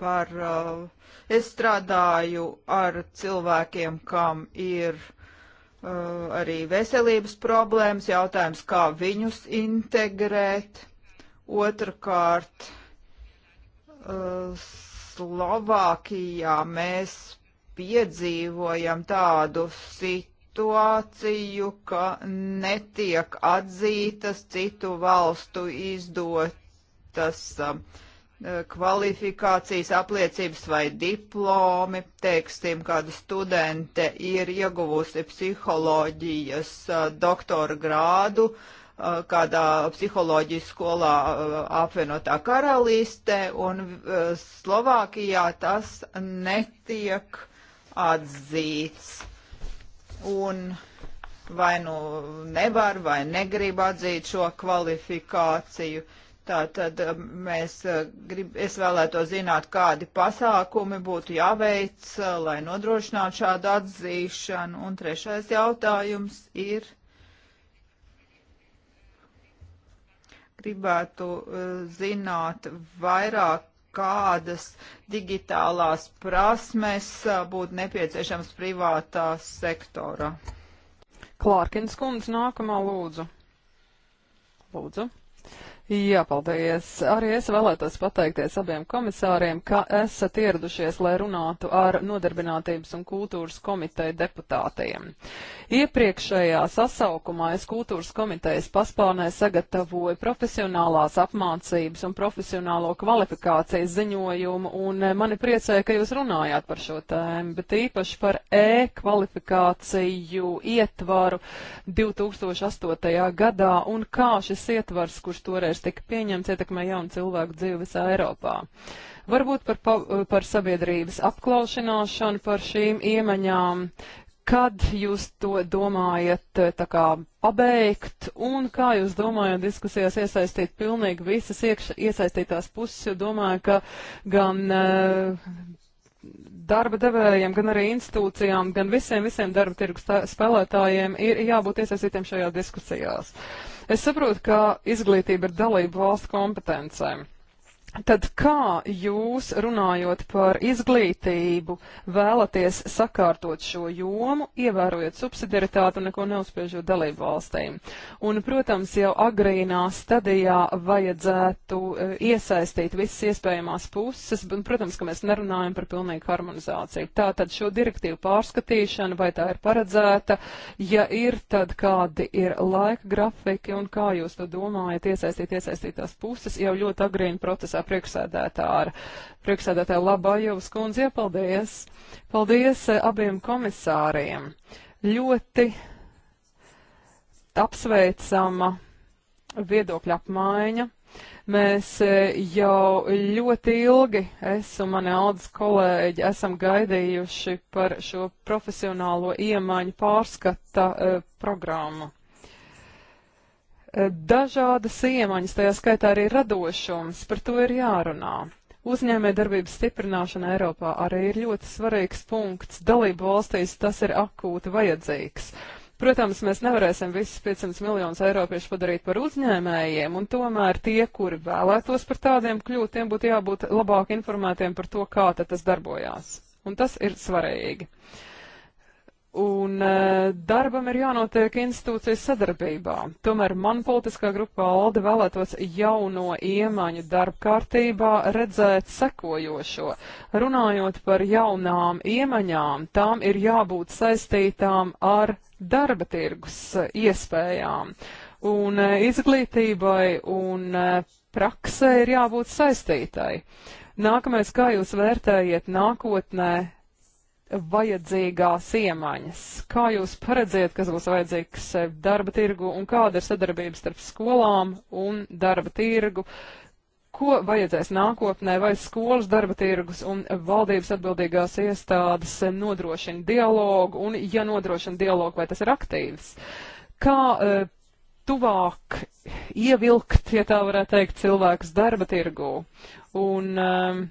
par... Uh, es strādāju ar cilvēkiem, kam ir Eh, arī veselības problēmas, jautājums, kā viņus integrēt. Otrakārt, eh, Slovākijā mēs piedzīvojam tādu situāciju, ka netiek atzītas citu valstu izdotas uh, Eh, kvalifikācijas apliecības vai diplomi, teiksim, kāda studente ir ieguvusi psiholoģijas eh, doktora grādu eh, kādā psiholoģijas skolā apvienotā karalistē, un Slovākijā tas netiek atzīts. Un vai nu nevar vai negrib atzīt šo kvalifikāciju. Uh, Tātad um, mēs uh, grib, es vēlēto zināt, kādi pasākumi būtu jāveic, uh, lai nodrošinātu šādu atzīšanu. Un trešais jautājums ir. Gribētu uh, zināt vairāk, kādas digitālās prasmes būtu nepieciešams privātā sektora. Klārkins kundze nākamā lūdzu. Lūdzu. Jā, paldies. Arī es vēlētos pateikties abiem komisāriem, ka esat ieradušies, lai runātu ar Nodarbinātības un kultūras komiteju deputātiem. Uh, Iepriekšējā sasaukumā es kultūras komitejas paspārnē sagatavoju profesionālās apmācības un profesionālo kvalifikācijas ziņojumu, un eh, mani priecēja, ka jūs runājāt par šo tēmu, bet īpaši par e-kvalifikāciju ietvaru 2008. gadā un kā šis ietvars, kurš toreiz tika pieņemts, ietekmē jaunu cilvēku dzīvi visā Eiropā varbūt par, pa, par sabiedrības apklaušanāšanu, par šīm iemaņām kad jūs to domājat eh, tā kā pabeigt un kā jūs domājat diskusijās iesaistīt pilnīgi visas iekš, iesaistītās puses, jo domāju, ka gan uh, darba devējiem, gan arī institūcijām, gan visiem, visiem darba tirgus spēlētājiem ir jābūt iesaistītiem šajā diskusijās. Es saprotu, ka izglītība ir dalība valsts kompetencēm. Tad kā jūs, runājot par izglītību, vēlaties sakārtot šo jomu, ievērojot subsidiaritāti un neko neuzspiežot dalību valstīm? Un, protams, jau agrīnā stadijā vajadzētu e, iesaistīt visas iespējamās puses, un, protams, ka mēs nerunājam par pilnīgu harmonizāciju. Tātad šo direktīvu pārskatīšana, vai tā ir paredzēta, ja ir, tad kādi ir laika grafiki un kā jūs to domājat iesaistīt iesaistītās puses jau ļoti agrīna procesā? priekšsēdētāra. Priekšsēdētāja Labajovas kundze, iepaldies! Paldies eh, abiem komisāriem! Ļoti apsveicama viedokļa apmaiņa. Mēs eh, jau ļoti ilgi, es un mani audzes kolēģi, esam gaidījuši par šo profesionālo iemaņu pārskata e, programmu dažādas iemaņas, tajā skaitā arī radošums, par to ir jārunā. Uzņēmē darbības stiprināšana Eiropā arī ir ļoti svarīgs punkts. Dalību valstīs tas ir akūti vajadzīgs. Protams, mēs nevarēsim visus 500 miljonus eiropiešu padarīt par uzņēmējiem, un tomēr tie, kuri vēlētos par tādiem kļūt, tiem būtu jābūt labāk informētiem par to, kā tas darbojās. Un tas ir svarīgi. Uh, un eh, darbam ir jānotiek institūcijas sadarbībā. Tomēr man politiskā grupā Alde vēlētos jauno iemaņu darba kārtībā redzēt sekojošo. Runājot par jaunām iemaņām, tām ir jābūt saistītām ar darba tirgus eh, iespējām. Un eh, izglītībai un praksē ir jābūt saistītai. Nākamais, kā jūs vērtējiet nākotnē vajadzīgās iemaņas. Kā jūs paredziet, kas būs vajadzīgs darba tirgu un kāda ir sadarbības starp skolām un darba tirgu? Ko vajadzēs nākotnē, vai skolas darba tirgus un valdības atbildīgās iestādes nodrošina dialogu, un ja nodrošina dialogu, vai tas ir aktīvs? Kā uh, tuvāk ievilkt, ja tā varētu teikt, cilvēkus darba tirgu? Un uh,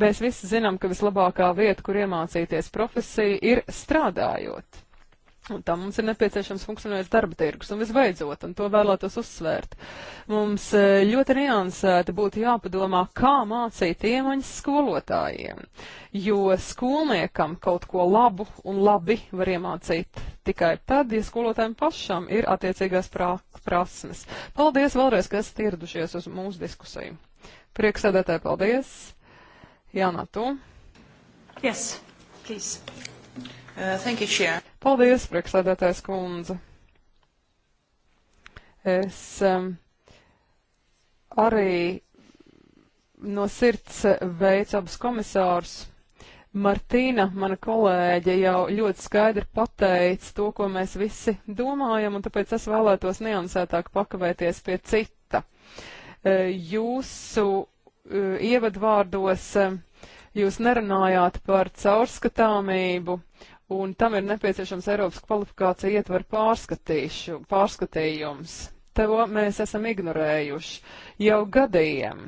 Mēs visi zinām, ka vislabākā vieta, kur iemācīties profesiju, ir strādājot. Un tam mums ir nepieciešams funkcionējošs darba tirgus. Un visbeidzot, un to vēlētos uzsvērt, mums e, ļoti niansēti būtu jāpadomā, kā mācīt iemaņas skolotājiem. Jo skolniekam kaut ko labu un labi var iemācīt tikai tad, ja skolotājiem pašam ir attiecīgās prā, prasmes. Paldies vēlreiz, ka esat ieradušies uz mūsu diskusiju. Prieksēdētāji, paldies! Jānā Tu. Yes, please. Uh, thank you, Chair. Paldies, priekšsēdētājs kundze. Es um, arī no sirds veicu abus komisārus. Martīna, mana kolēģe, jau ļoti skaidri pateica to, ko mēs visi domājam, un tāpēc es vēlētos niansētāk pakavēties pie cita. Uh, jūsu uh, ievadvārdos um, Jūs nerunājāt par caurskatāmību, un tam ir nepieciešams Eiropas kvalifikācija ietver pārskatījums. To mēs esam ignorējuši jau gadiem.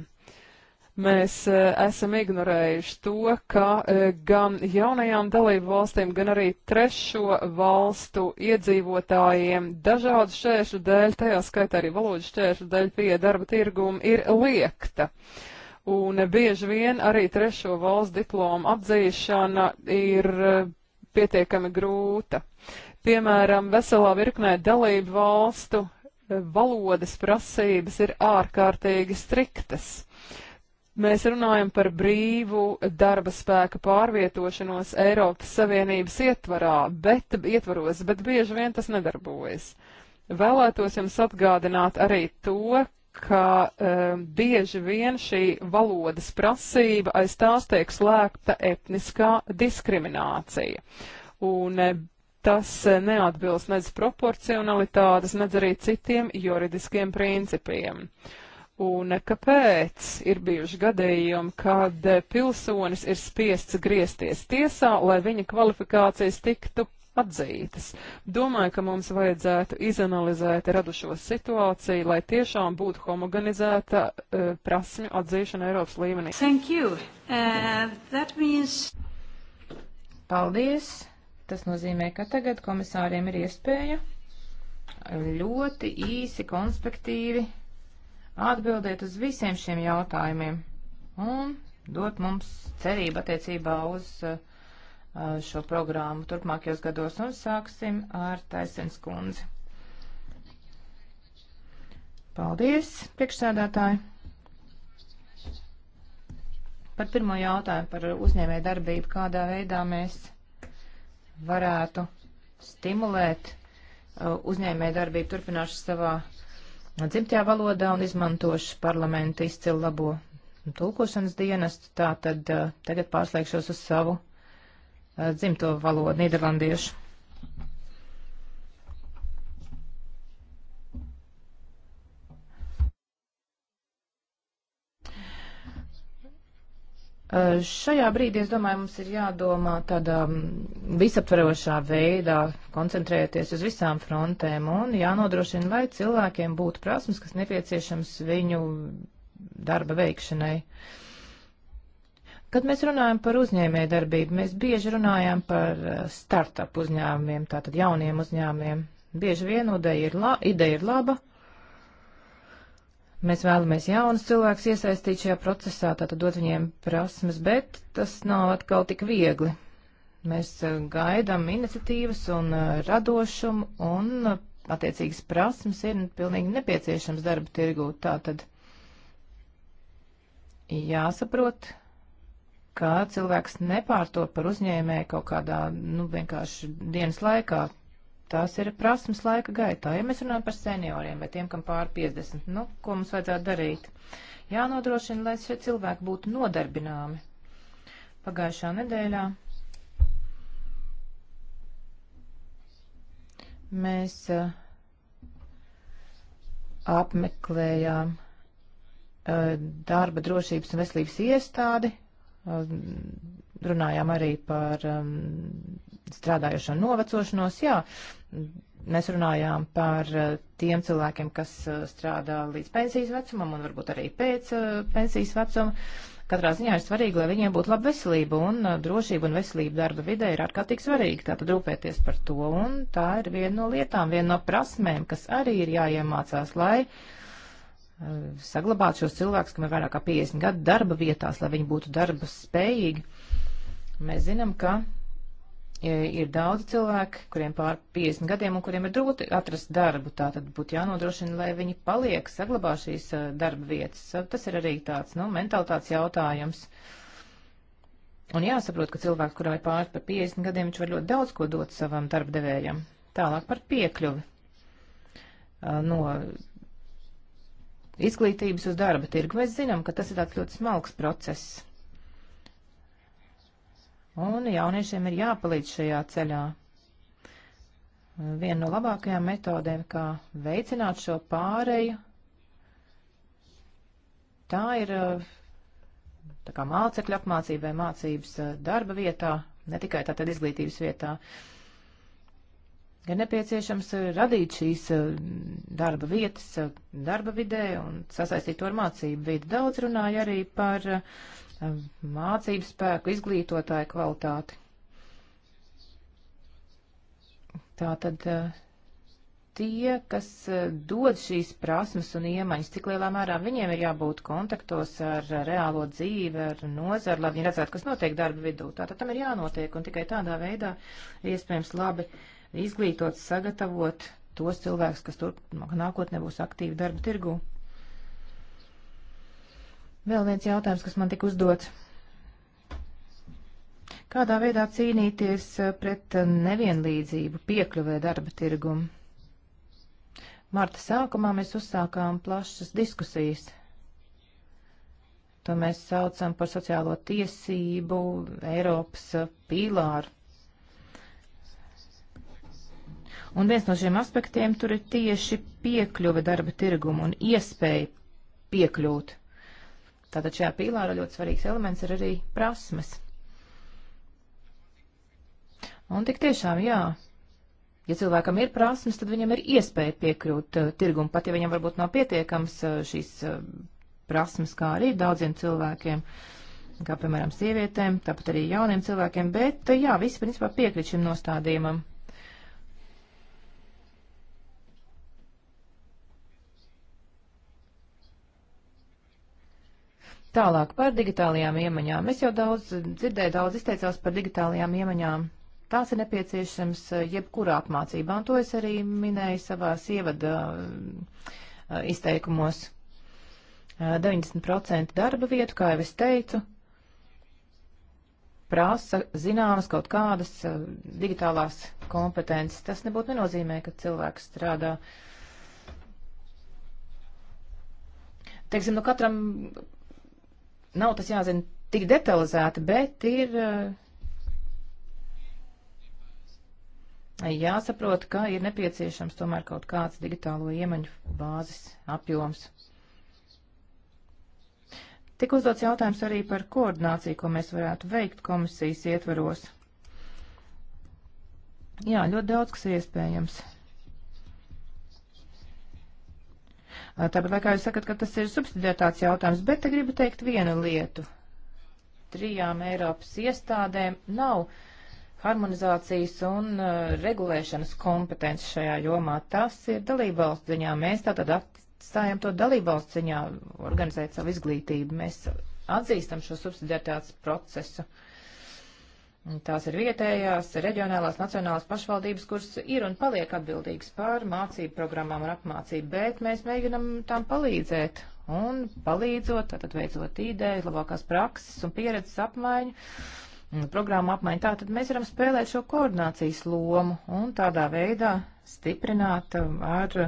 Mēs e, esam ignorējuši to, ka e, gan jaunajām dalību valstīm, gan arī trešo valstu iedzīvotājiem dažādu šķēršļu dēļ, tajā skaitā arī valodas šķēršļu dēļ pie darba tirguma ir liekta. Uh, Un bieži vien arī trešo valstu diplomu atzīšana ir e, pietiekami grūta. Piemēram, veselā virknē dalību valstu e, valodas prasības ir ārkārtīgi striktas. Mēs runājam par brīvu darba spēka pārvietošanos Eiropas Savienības ietvarā, bet, ietvaros, bet bieži vien tas nedarbojas. Vēlētos jums atgādināt arī to, ka e, bieži vien šī valodas prasība aiz tās tiek slēgta etniskā diskriminācija. Un e, tas eh, neatbilst nedz proporcionalitātes, nedz arī citiem juridiskiem principiem. Un eh, kāpēc ir bijuši gadījumi, kad pilsonis ir spiests griezties tiesā, lai viņa kvalifikācijas tiktu atzītas. Domāju, ka mums vajadzētu izanalizēt radušo situāciju, lai tiešām būtu homogenizēta uh, prasmju atzīšana Eiropas līmenī. Thank you. Uh, that means... Paldies. Tas nozīmē, ka tagad komisāriem ir iespēja ļoti īsi, konspektīvi atbildēt uz visiem šiem jautājumiem un dot mums cerību attiecībā uz uh, Uh, šo programmu turpmākajos gados un sāksim ar Taisens kundzi. Paldies, priekšsēdētāji! Par pirmo jautājumu par uzņēmē darbību, kādā veidā mēs varētu stimulēt uh, uzņēmē darbību turpināšu savā dzimtajā valodā un izmantošu parlamentu izcilu labo tulkošanas dienestu. Tā tad uh, tagad pārslēgšos uz savu Eh, dzimto valodu, nīderlandiešu. Eh, šajā brīdī, es domāju, mums ir jādomā tādā mm, visaptverošā veidā, koncentrēties uz visām frontēm un jānodrošina, lai cilvēkiem būtu prasmes, kas nepieciešams viņu darba veikšanai. Uh, Kad mēs runājam par uzņēmēju darbību, mēs bieži runājam par eh, startup uzņēmumiem, tātad jauniem uzņēmumiem. Bieži vien ideja ir, la, ideja ir laba. Mēs vēlamies jaunus cilvēkus iesaistīt šajā procesā, tātad dot viņiem prasmes, bet tas nav atkal tik viegli. Mēs eh, gaidām iniciatīvas un eh, radošumu, un attiecīgas prasmes ir pilnīgi nepieciešams darba tirgū. Tātad jāsaprot, ka cilvēks nepārtop par uzņēmēju kaut kādā, nu, vienkārši dienas laikā. Tās ir prasmes laika gaitā. Ja mēs runājam par senioriem vai tiem, kam pār 50, nu, ko mums vajadzētu darīt? Jānodrošina, lai šie cilvēki būtu nodarbināmi. Pagājušā nedēļā mēs uh, apmeklējām uh, darba drošības un veselības iestādi Ehm, runājām arī par um, strādājošo novecošanos. Jā, mēs runājām par uh, tiem cilvēkiem, kas uh, strādā līdz pensijas vecumam un varbūt arī pēc uh, pensijas vecuma. Katrā ziņā ir svarīgi, lai viņiem būtu laba veselība un uh, drošība un veselība darba vidē ir ārkārtīgi svarīga. Tātad rūpēties par to un tā ir viena no lietām, viena no prasmēm, kas arī ir jāiemācās, lai uh, Eh, saglabāt šos cilvēkus, kam ir vairāk kā 50 gadu darba vietās, lai viņi būtu darba spējīgi. Mēs zinām, ka e, ir daudz cilvēku, kuriem pār 50 gadiem un kuriem ir grūti atrast darbu. Tā tad būtu jānodrošina, lai viņi paliek, saglabā šīs eh, darba vietas. Tas ir arī tāds, nu, mentalitātes jautājums. Un jāsaprot, ka cilvēks, kuram ir pāri par 50 gadiem, viņš var ļoti daudz ko dot savam darbdevējam. Tālāk par piekļuvi eh, no izglītības uz darba tirgu. Mēs zinām, ka tas ir tāds ļoti smalks process. Un jauniešiem ir jāpalīdz šajā ceļā. Viena no labākajām metodēm, kā veicināt šo pāreju, tā ir tā kā mācekļu apmācība vai mācības eh, darba vietā, ne tikai tātad izglītības vietā. Uh, ka nepieciešams eh, radīt šīs eh, darba vietas eh, darba vidē un sasaistīt to ar mācību vidi. Daudz runāja arī par mācību spēku, izglītotāju kvalitāti. Tā tad tie, kas dod šīs prasmes un iemaņas, cik lielā mērā viņiem ir jābūt kontaktos ar reālo dzīvi, ar nozaru, lai viņi redzētu, kas notiek darba vidū. Tātad tam ir jānotiek, un tikai tādā veidā iespējams labi uh, izglītot, sagatavot tos cilvēkus, kas tur nu, nākotnē būs aktīvi darba tirgū. Vēl viens jautājums, kas man tika uzdots. Kādā veidā cīnīties eh, pret nevienlīdzību piekļuvē darba tirgumu? Marta sākumā mēs uzsākām plašas diskusijas. To mēs saucam par sociālo tiesību Eiropas eh, pīlāru. Un viens no šiem aspektiem tur ir tieši piekļuve darba tirgumu un iespēja piekļūt. Tātad šajā pīlāra ļoti svarīgs elements ir arī prasmes. Un tik tiešām, jā, Ja cilvēkam ir prasmes, tad viņam ir iespēja piekļūt uh, eh, tirgumu, pat ja viņam varbūt nav pietiekams uh, šīs uh, prasmes, kā arī daudziem cilvēkiem, kā piemēram sievietēm, tāpat arī jauniem cilvēkiem, bet jā, visi principā piekrīt šim nostādījumam. Tālāk par digitālajām iemaņām. Es jau daudz dzirdēju, daudz izteicās par digitālajām iemaņām. Tās ir nepieciešams eh, jebkurā apmācībā, un to es arī minēju savās ievada eh, izteikumos. 90% eh, darba vietu, kā jau es teicu, prasa zināmas kaut kādas digitālās kompetences. Tas nebūtu nenozīmē, ka cilvēks strādā. Teiksim, nu no katram nav tas jāzina tik detalizēti, bet ir eh, jāsaprot, ka ir nepieciešams tomēr kaut kāds digitālo iemaņu bāzes apjoms. Tik uzdots jautājums arī par koordināciju, ko mēs varētu veikt komisijas ietvaros. Jā, ļoti daudz, kas ir iespējams Tāpat laikā jūs sakat, ka tas ir subsidiatāts jautājums, bet te gribu teikt vienu lietu. Trijām Eiropas iestādēm nav harmonizācijas un uh, regulēšanas kompetences šajā jomā. Tas ir dalībvalsts ziņā. Mēs tātad atstājam to dalībvalsts ziņā organizēt savu izglītību. Mēs atzīstam šo subsidiatāts procesu. Uh, Tās ir vietējās, reģionālās, nacionālās pašvaldības, kuras ir un paliek atbildīgas par mācību programmām un apmācību, bet mēs mēģinam tām palīdzēt. Un palīdzot, tātad veicot idejas, labākās prakses un pieredzes apmaiņu, mm, programmu apmaiņu, tātad mēs varam spēlēt šo koordinācijas lomu un tādā veidā stiprināt um, ar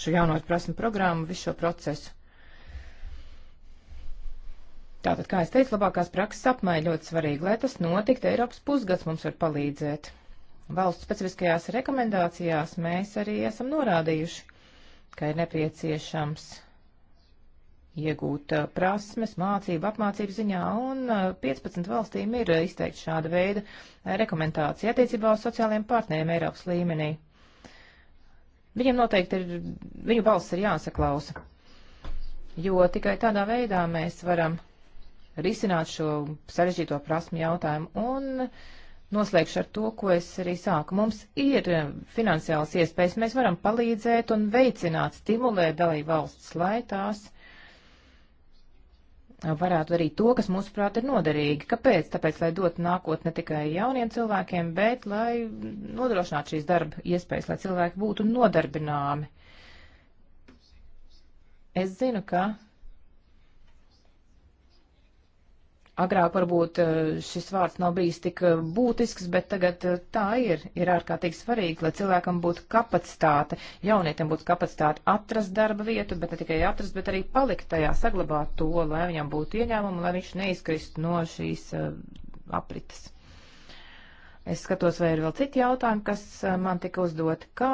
šo jauno prasmu programmu visu šo procesu. Tātad, kā es teicu, labākās prakses apmaiņa ļoti svarīga, lai tas notiktu, Eiropas pusgads mums var palīdzēt. Valsts specifiskajās rekomendācijās mēs arī esam norādījuši, ka ir nepieciešams iegūt uh, prasmes, mācību, apmācību ziņā, un 15 uh, valstīm ir izteikti šāda veida uh, rekomendācija attiecībā uz sociālajiem partneriem Eiropas līmenī. Viņiem noteikti ir, viņu balss ir jāsaklausa, jo tikai tādā veidā mēs varam risināt šo sarežģīto prasmu jautājumu. Un noslēgšu ar to, ko es arī sāku. Mums ir finansiāls iespējas, mēs varam palīdzēt un veicināt, stimulēt dalību valsts, lai tās varētu darīt to, kas mūsuprāt ir noderīgi. Kāpēc? Tāpēc, lai dotu nākotne tikai jauniem cilvēkiem, bet lai nodrošinātu šīs darba iespējas, lai cilvēki būtu nodarbināmi. Es zinu, ka Agrāk varbūt eh, šis vārds nav bijis tik eh, būtisks, bet tagad eh, tā ir. Ir ārkārtīgi svarīgi, lai cilvēkam būtu kapacitāte, jaunietim būtu kapacitāte atrast darba vietu, bet ne tikai atrast, bet arī palikt tajā, saglabāt to, lai viņam būtu ieņēmumi, lai viņš neizkrist no šīs aprites. Es skatos, vai ir vēl citi jautājumi, kas man tika uzdot. Kā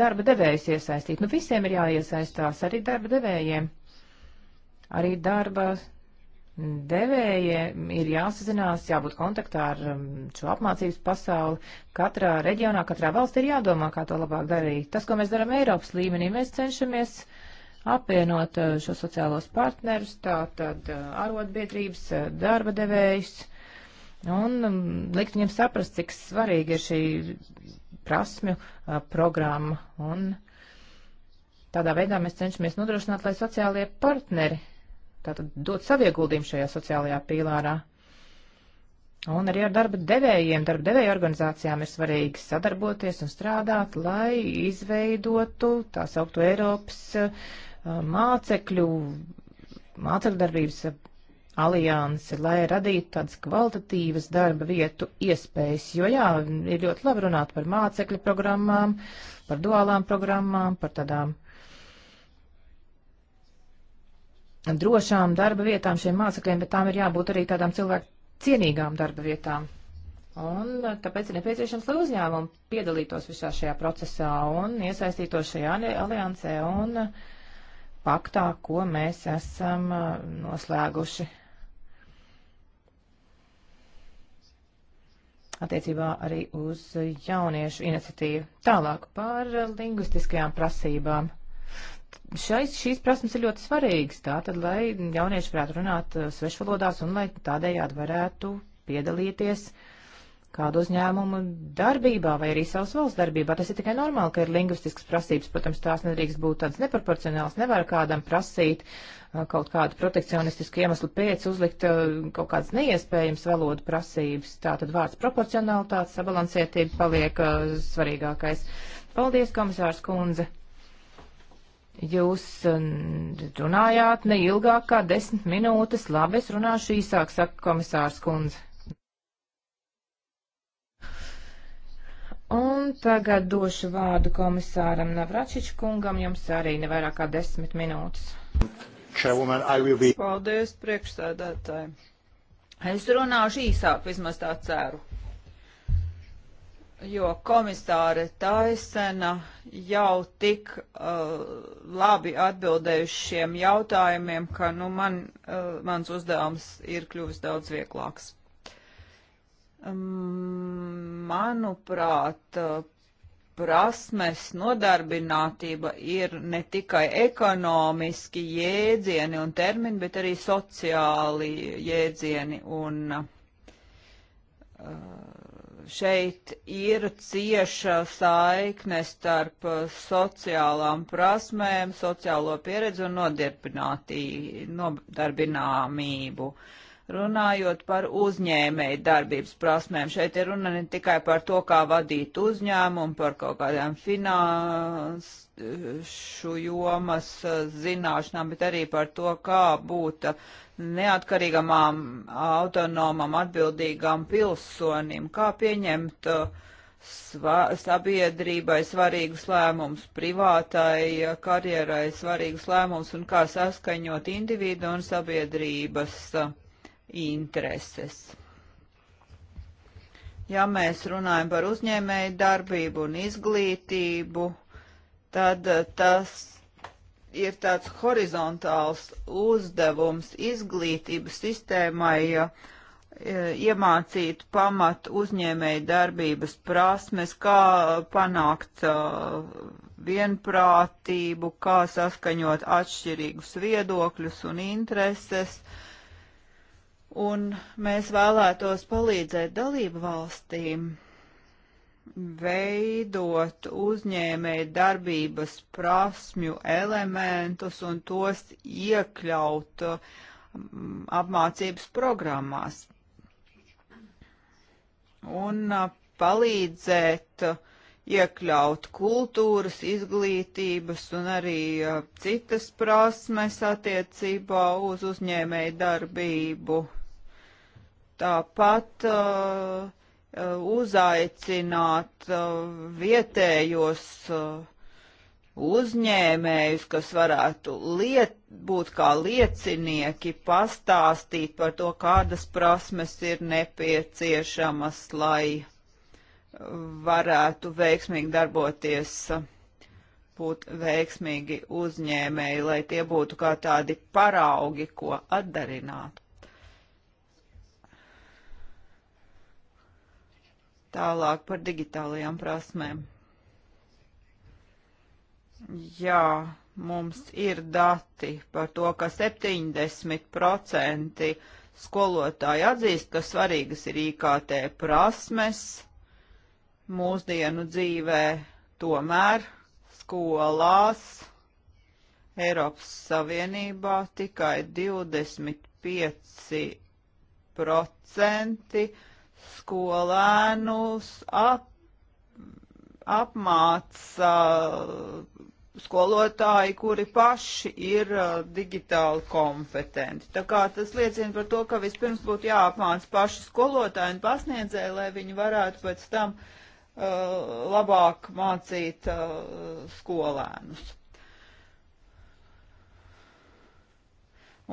darba devējus iesaistīt? Nu, visiem ir jāiesaistās, arī darba devējiem. Arī darba devējiem ir jāsazinās, jābūt kontaktā ar um, šo apmācības pasauli. Katrā reģionā, katrā valstī ir jādomā, kā to labāk darīt. Tas, ko mēs darām Eiropas līmenī, mēs cenšamies apvienot uh, šo sociālos partnerus, tātad uh, arotbiedrības, uh, darba devējus, un um, likt viņiem saprast, cik svarīgi ir šī prasmju programma. Un tādā veidā mēs cenšamies nodrošināt, lai sociālie partneri tātad dot savu ieguldījumu šajā sociālajā pīlārā. Un arī ar darba devējiem, darba devēju organizācijām ir svarīgi sadarboties un strādāt, lai izveidotu tā saukto Eiropas uh, mācekļu, mācekļu darbības uh, aliansi, lai radītu tādas kvalitatīvas darba vietu iespējas. Jo jā, ir ļoti labi runāt par mācekļu programmām, par duālām programmām, par tādām drošām darba vietām šiem mācekļiem, bet tām ir jābūt arī tādām cilvēku cienīgām darba vietām. Un e, tāpēc ir nepieciešams, lai uzņēmumi piedalītos visā šajā procesā un iesaistītos šajā aliansē un e, paktā, ko mēs esam e, noslēguši attiecībā arī uz jauniešu iniciatīvu. Tālāk par lingvistiskajām prasībām šais, šīs prasmes ir ļoti svarīgas, tātad, lai jaunieši varētu runāt uh, svešvalodās un lai tādējādi varētu piedalīties kādu uzņēmumu darbībā vai arī savas valsts darbībā. Tas ir tikai normāli, ka ir lingvistiskas prasības, protams, tās nedrīkst būt tādas neproporcionālas, nevar kādam prasīt uh, kaut kādu protekcionistisku iemeslu pēc uzlikt uh, kaut kādas neiespējams valodu prasības. Tātad vārds proporcionalitāte, sabalansētība paliek svarīgākais. Paldies, komisārs Kunze! Jūs eh, runājāt neilgāk kā desmit minūtes, labi, es runāšu īsāk, saka komisārs kundze. Un tagad došu vārdu komisāram Navračič kungam, jums arī nevairāk kā desmit minūtes. Chairwoman, be... Paldies priekšsēdētāji. Es runāšu īsāk, vismaz tā ceru jo komisāre Taisena jau tik uh, labi atbildējuši šiem jautājumiem, ka nu, man, uh, mans uzdevums ir kļuvis daudz vieglāks. Um, manuprāt, uh, prasmes nodarbinātība ir ne tikai ekonomiski jēdzieni un termini, bet arī sociāli jēdzieni un uh, šeit ir cieša saikne starp sociālām prasmēm, sociālo pieredzi un nodarbināmību. Runājot par uzņēmēju darbības prasmēm, šeit ir runa ne tikai par to, kā vadīt uzņēmumu, par kaut kādām finanšu jomas zināšanām, bet arī par to, kā būt uh, neatkarīgamām, autonomam, atbildīgām pilsonim, kā pieņemt uh, sva sabiedrībai svarīgus lēmumus, privātai uh, karjerai svarīgus lēmumus un kā saskaņot individu un sabiedrības uh, intereses. Ja mēs runājam par uzņēmēju darbību un izglītību, tad tas ir tāds horizontāls uzdevums izglītības sistēmai e, iemācīt pamat uzņēmēju darbības prasmes, kā panākt uh, vienprātību, kā saskaņot atšķirīgus viedokļus un intereses. Un mēs vēlētos palīdzēt dalību valstīm veidot uzņēmēju darbības prasmju elementus un tos iekļaut mm, apmācības programmās. Un palīdzēt iekļaut kultūras, izglītības un arī citas prasmes attiecībā uz uzņēmēju darbību. Tāpat uh, Uh, uzaicināt uh, vietējos uh, uzņēmējus, kas varētu liet, būt kā liecinieki, pastāstīt par to, kādas prasmes ir nepieciešamas, lai varētu veiksmīgi darboties, būt veiksmīgi uzņēmēji, lai tie būtu kā tādi paraugi, ko atdarināt. Tālāk par digitālajām prasmēm. Jā, mums ir dati par to, ka 70% skolotāji atzīst, ka svarīgas ir IKT prasmes mūsdienu dzīvē, tomēr skolās Eiropas Savienībā tikai 25% skolēnus ap, apmāca skolotāji, kuri paši ir uh, digitāli kompetenti. Tā kā tas liecina par to, ka vispirms būtu jāapmāca paši skolotāji un pasniedzēji, lai viņi varētu pēc tam uh, labāk mācīt uh, skolēnus.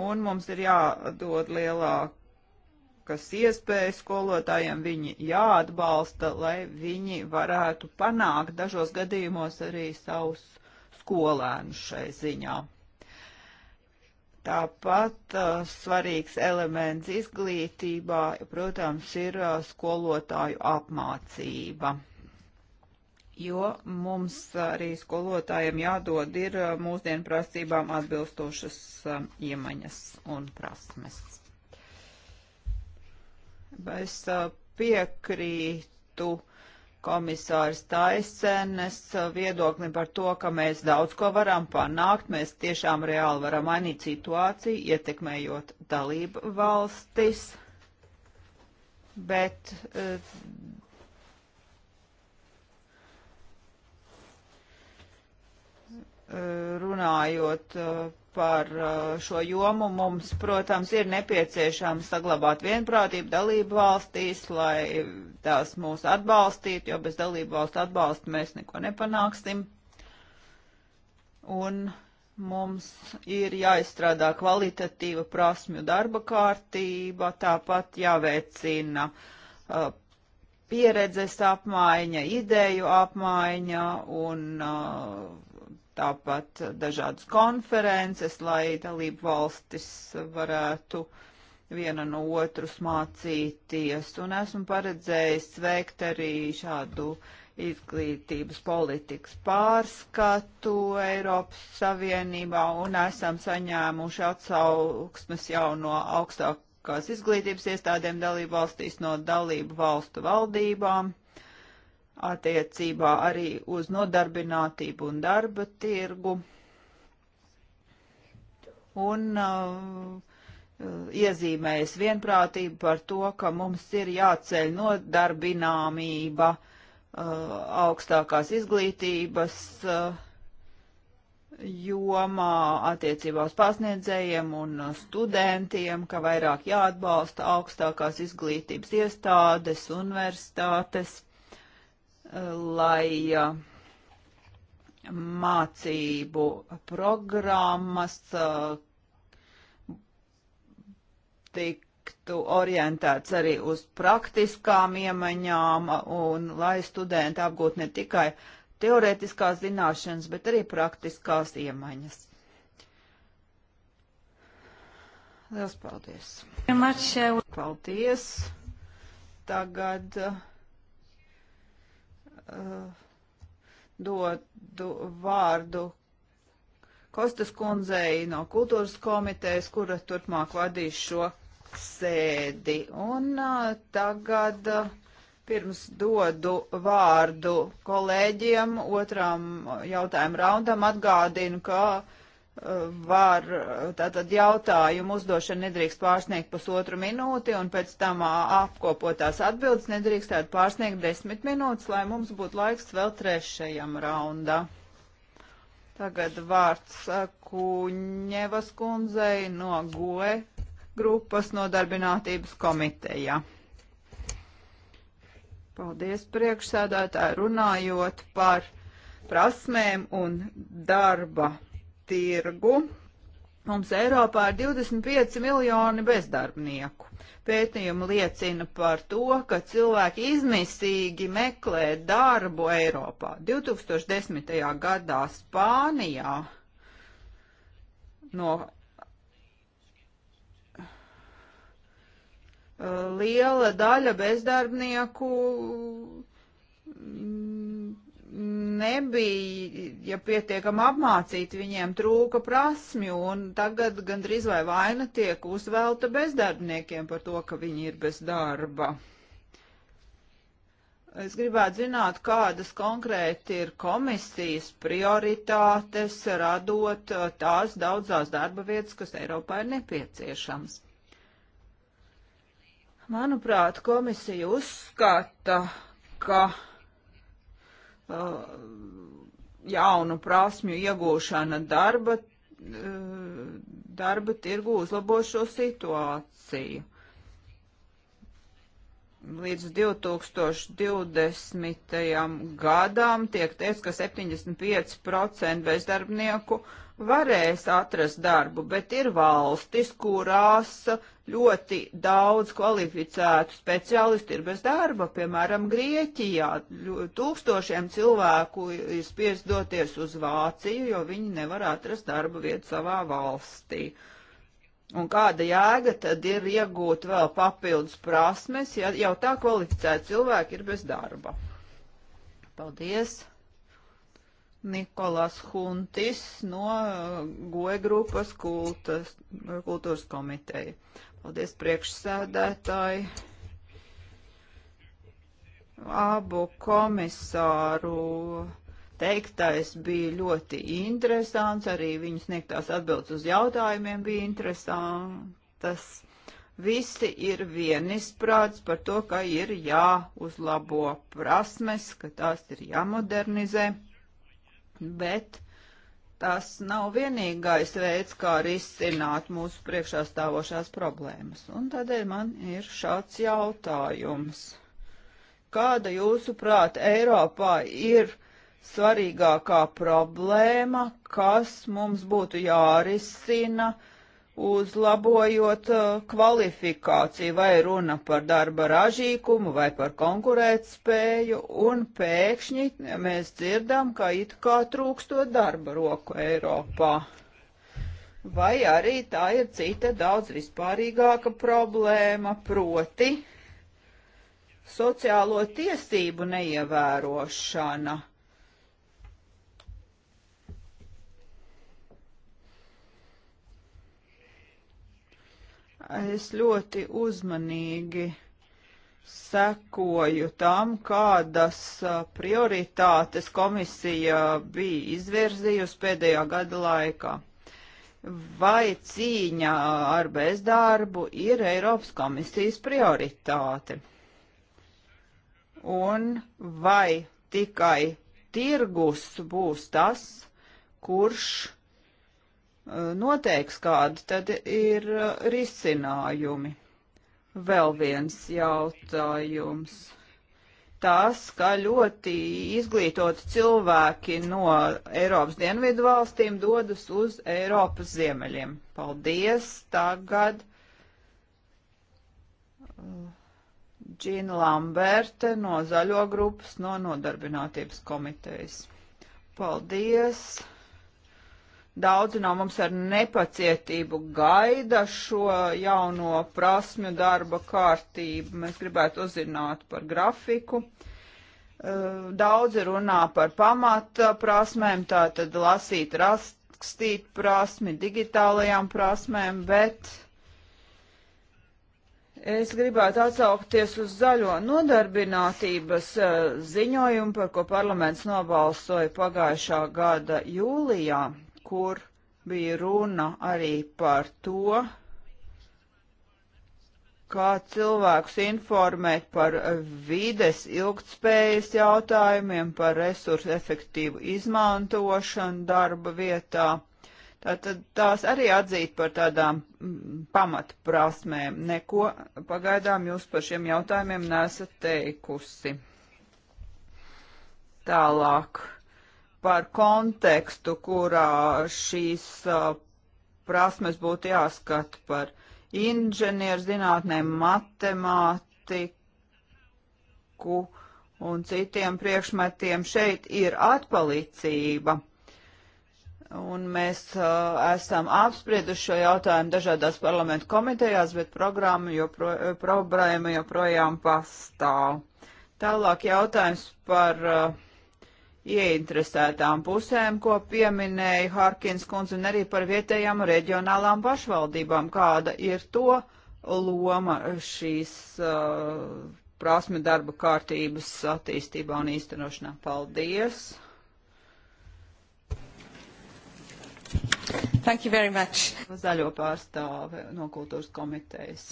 Un mums ir jādod lielāka kas iespējas skolotājiem viņi jāatbalsta, lai viņi varētu panākt dažos gadījumos arī savus skolēnus šai ziņā. Tāpat uh, svarīgs elements izglītībā, protams, ir uh, skolotāju apmācība, jo mums arī skolotājiem jādod ir uh, mūsdienu prasībām atbilstošas um, iemaņas un prasmes. Es piekrītu komisārs Taisenes viedokli par to, ka mēs daudz ko varam panākt, mēs tiešām reāli varam mainīt situāciju, ietekmējot dalību valstis, bet runājot uh, par uh, šo jomu, mums, protams, ir nepieciešams saglabāt vienprātību dalību valstīs, lai tās mūs atbalstītu, jo bez dalību valstu atbalsta mēs neko nepanāksim. Un mums ir jāizstrādā kvalitatīva prasmju darba kārtība, tāpat jāveicina uh, pieredzes apmaiņa, ideju apmaiņa un uh, tāpat dažādas konferences, lai dalību valstis varētu viena no otras mācīties. Un esmu paredzējis veikt arī šādu izglītības politikas pārskatu Eiropas Savienībā un esam saņēmuši atsauksmes jau no augstākās izglītības iestādēm dalību valstīs, no dalību valstu valdībām attiecībā arī uz nodarbinātību un darba tirgu. Un uh, uh, iezīmējas vienprātība par to, ka mums ir jāceļ nodarbināmība uh, augstākās izglītības uh, jomā attiecībā uz pasniedzējiem un uh, studentiem, ka vairāk jāatbalsta augstākās izglītības iestādes, universitātes lai uh, mācību programmas uh, tiktu orientēts arī uz praktiskām iemaņām un lai studenti apgūtu ne tikai teorētiskās zināšanas, bet arī praktiskās iemaņas. Liels paldies! Uh, paldies! Tagad. Uh, uh, dodu vārdu Kostas kundzei no kultūras komitejas, kura turpmāk vadīs šo sēdi. Un uh, tagad uh, pirms dodu vārdu kolēģiem otram jautājumu raundam atgādinu, ka uh, var, tātad jautājumu uzdošana nedrīkst pārsniegt pusotru minūti, un pēc tam apkopotās atbildes nedrīkstētu pārsniegt desmit minūtes, lai mums būtu laiks vēl trešajam raundam. Tagad vārds Kuņevas kundzei no GOE grupas nodarbinātības komiteja. Paldies priekšsēdētāji runājot par prasmēm un darba tirgu. Mums Eiropā ir 25 miljoni bezdarbnieku. Pētījumi liecina par to, ka cilvēki izmisīgi meklē darbu Eiropā. 2010. gadā Spānijā no eh, liela daļa bezdarbnieku mm, nebija ja pietiekami apmācīti, viņiem trūka prasmju, un tagad gandrīz vai vaina tiek uzvelta bezdarbniekiem par to, ka viņi ir bez darba. Es gribētu zināt, kādas konkrēti ir komisijas prioritātes, radot uh, tās daudzās darba vietas, kas Eiropā ir nepieciešams. Manuprāt, komisija uzskata, ka Uh, jaunu prasmju iegūšana darba, uh, darba tirgu uzlabo šo situāciju. Līdz 2020. gadam tiek teiks, ka 75% bezdarbnieku varēs atrast darbu, bet ir valstis, kurās ļoti daudz kvalificētu speciālistu ir bez darba. Piemēram, Grieķijā tūkstošiem cilvēku ir spiest doties uz Vāciju, jo viņi nevar atrast darba vietu savā valstī. Un kāda jēga tad ir iegūt vēl papildus prasmes, ja jau tā kvalificēti cilvēki ir bez darba? Paldies! Nikolas Huntis no uh, Goja grupas kultas, kultūras komiteja. Paldies priekšsēdētāji. Abu komisāru teiktais bija ļoti interesants, arī viņas sniegtās atbildes uz jautājumiem bija interesantas. Visi ir vienisprāts par to, ka ir jāuzlabo prasmes, ka tās ir jāmodernizē, bet tas nav vienīgais veids, kā risināt mūsu priekšā stāvošās problēmas. Un tādēļ man ir šāds jautājums. Kāda jūsuprāt Eiropā ir svarīgākā problēma, kas mums būtu jārisina? uzlabojot uh, kvalifikāciju, vai runa par darba ražīgumu, vai par konkurētspēju, un pēkšņi mēs dzirdam, ka it kā trūkstot darba roku Eiropā. Vai arī tā ir cita daudz vispārīgāka problēma, proti sociālo tiesību neievērošana es ļoti uzmanīgi sekoju tam, kādas uh, prioritātes komisija bija izvirzījusi pēdējā gada laikā. Vai cīņa ar bezdarbu ir Eiropas komisijas prioritāte? Un vai tikai tirgus būs tas, kurš noteiks kādi, tad ir uh, risinājumi. Vēl viens jautājums. Tas, ka ļoti izglītoti cilvēki no Eiropas dienvidu valstīm dodas uz Eiropas ziemeļiem. Paldies! Tagad uh, Džina Lamberte no Zaļo grupas no Nodarbinātības komitejas. Paldies! Daudzi no mums ar nepacietību gaida šo jauno prasmju darba kārtību. Mēs gribētu uzzināt par grafiku. Uh, daudzi runā par pamata prasmēm, tātad lasīt, rakstīt prasmi, digitālajām prasmēm, bet Es gribētu atsaukties uz zaļo nodarbinātības uh, ziņojumu, par ko parlaments nobalsoja pagājušā gada jūlijā kur bija runa arī par to, kā cilvēkus informēt par vides ilgtspējas jautājumiem, par resursu efektīvu izmantošanu darba vietā. Tātad tās arī atzīt par tādām mm, pamatprasmēm. Neko pagaidām jūs par šiem jautājumiem nesat teikusi. Tālāk par kontekstu, kurā šīs prasmes būtu jāskata par inženierzinātnēm, matemātiku un citiem priekšmetiem. Šeit ir atpalicība. Un mēs uh, esam apsprieduši šo jautājumu dažādās parlamentu komitejās, bet programma jopro, problēma joprojām pastāv. Tālāk jautājums par uh, ieinteresētām pusēm, ko pieminēja Harkins kundze, un arī par vietējām reģionālām pašvaldībām, kāda ir to loma šīs uh, prasme darba kārtības attīstībā un īstenošanā. Paldies! Thank you very much. Zaļo pārstāve no kultūras komitejas.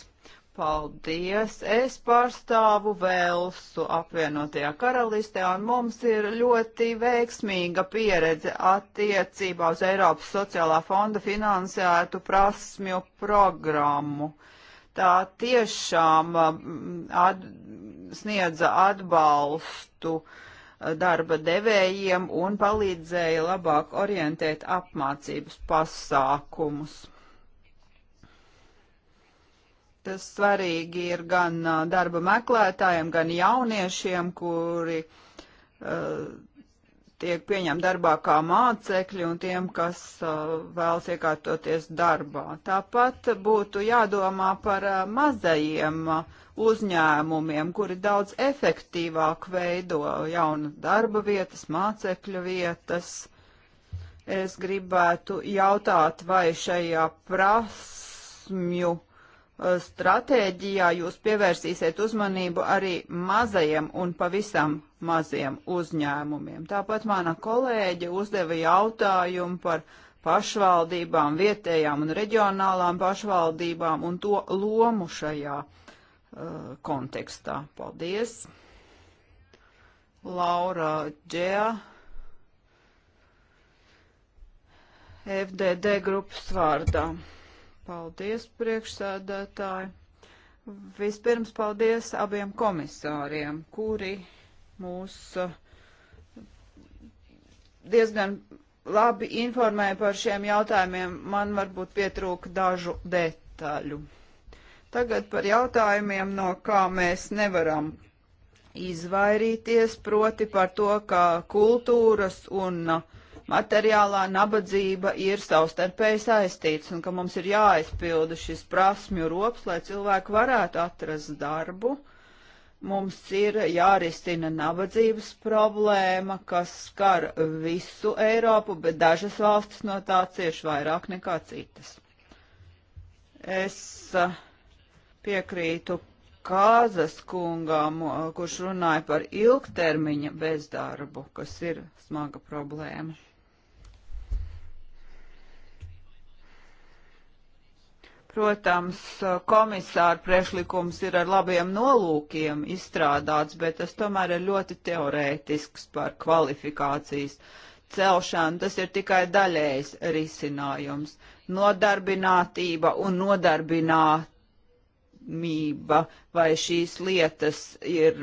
Paldies! Es pārstāvu Velsu apvienotajā karalistē, un mums ir ļoti veiksmīga pieredze attiecībā uz Eiropas sociālā fonda finansētu prasmju programmu. Tā tiešām um, at, sniedza atbalstu uh, darba devējiem un palīdzēja labāk orientēt apmācības pasākumus svarīgi ir gan darba meklētājiem, gan jauniešiem, kuri uh, tiek pieņemti darbā kā mācekļi un tiem, kas uh, vēlas iekārtoties darbā. Tāpat būtu jādomā par uh, mazajiem uzņēmumiem, kuri daudz efektīvāk veido jaunu darba vietas, mācekļu vietas. Es gribētu jautāt, vai šajā prasmju Eh, stratēģijā jūs pievērsīsiet uzmanību arī mazajiem un pavisam maziem uzņēmumiem. Tāpat mana kolēģe uzdeva jautājumu par pašvaldībām, vietējām un reģionālām pašvaldībām un to lomu šajā uh, kontekstā. Paldies! Laura Džēja, FDD grupas vārdā. Paldies, priekšsēdētāji. Vispirms paldies abiem komisāriem, kuri mūs eh, diezgan labi informēja par šiem jautājumiem. Man varbūt pietrūka dažu detaļu. Tagad par jautājumiem, no kā mēs nevaram izvairīties, proti par to, kā kultūras un uh, materiālā nabadzība ir savstarpēji saistīts un ka mums ir jāaizpilda šis prasmju rops, lai cilvēki varētu atrast darbu. Mums ir jārisina nabadzības problēma, kas skar visu Eiropu, bet dažas valstis no tā cieš vairāk nekā citas. Es eh, piekrītu Kāzas kungām, eh, kurš runāja par ilgtermiņa bezdarbu, kas ir smaga problēma. Protams, komisāra priešlikums ir ar labiem nolūkiem izstrādāts, bet tas tomēr ir ļoti teorētisks par kvalifikācijas celšanu. Tas ir tikai daļējs risinājums. Nodarbinātība un nodarbinātība vai šīs lietas ir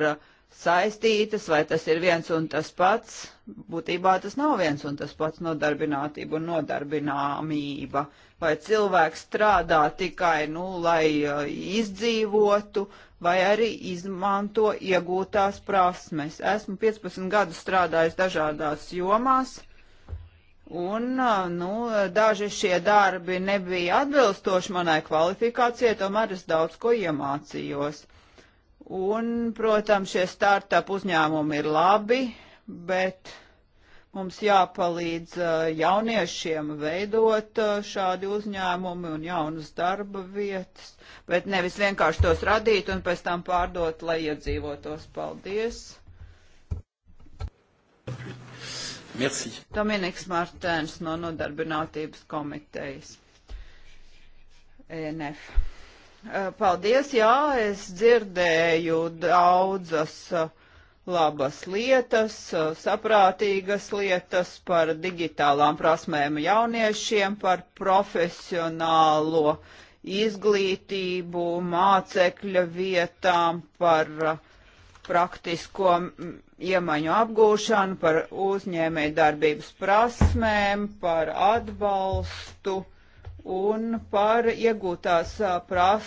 saistītas, vai tas ir viens un tas pats. Būtībā tas nav viens un tas pats nodarbinātība un nodarbināmība. Uh, vai cilvēks strādā tikai, nu, lai uh, izdzīvotu, vai arī izmanto iegūtās prasmes. Esmu 15 gadus strādājis dažādās jomās. Un, uh, nu, daži šie darbi nebija atbilstoši manai kvalifikācijai, tomēr es daudz ko iemācījos. Un, protams, šie startup uzņēmumi ir labi, bet Mums jāpalīdz eh, jauniešiem veidot eh, šādi uzņēmumi un jaunas darba vietas, bet nevis vienkārši tos radīt un pēc tam pārdot, lai iedzīvotos. Paldies! Merci. Dominiks Martēns no Nodarbinātības komitejas. ENF. Eh, paldies, jā, es dzirdēju daudzas uh, labas lietas, saprātīgas lietas par digitālām prasmēm jauniešiem, par profesionālo izglītību, mācekļa vietām, par praktisko iemaņu apgūšanu, par uzņēmēju darbības prasmēm, par atbalstu un par iegūtās pras,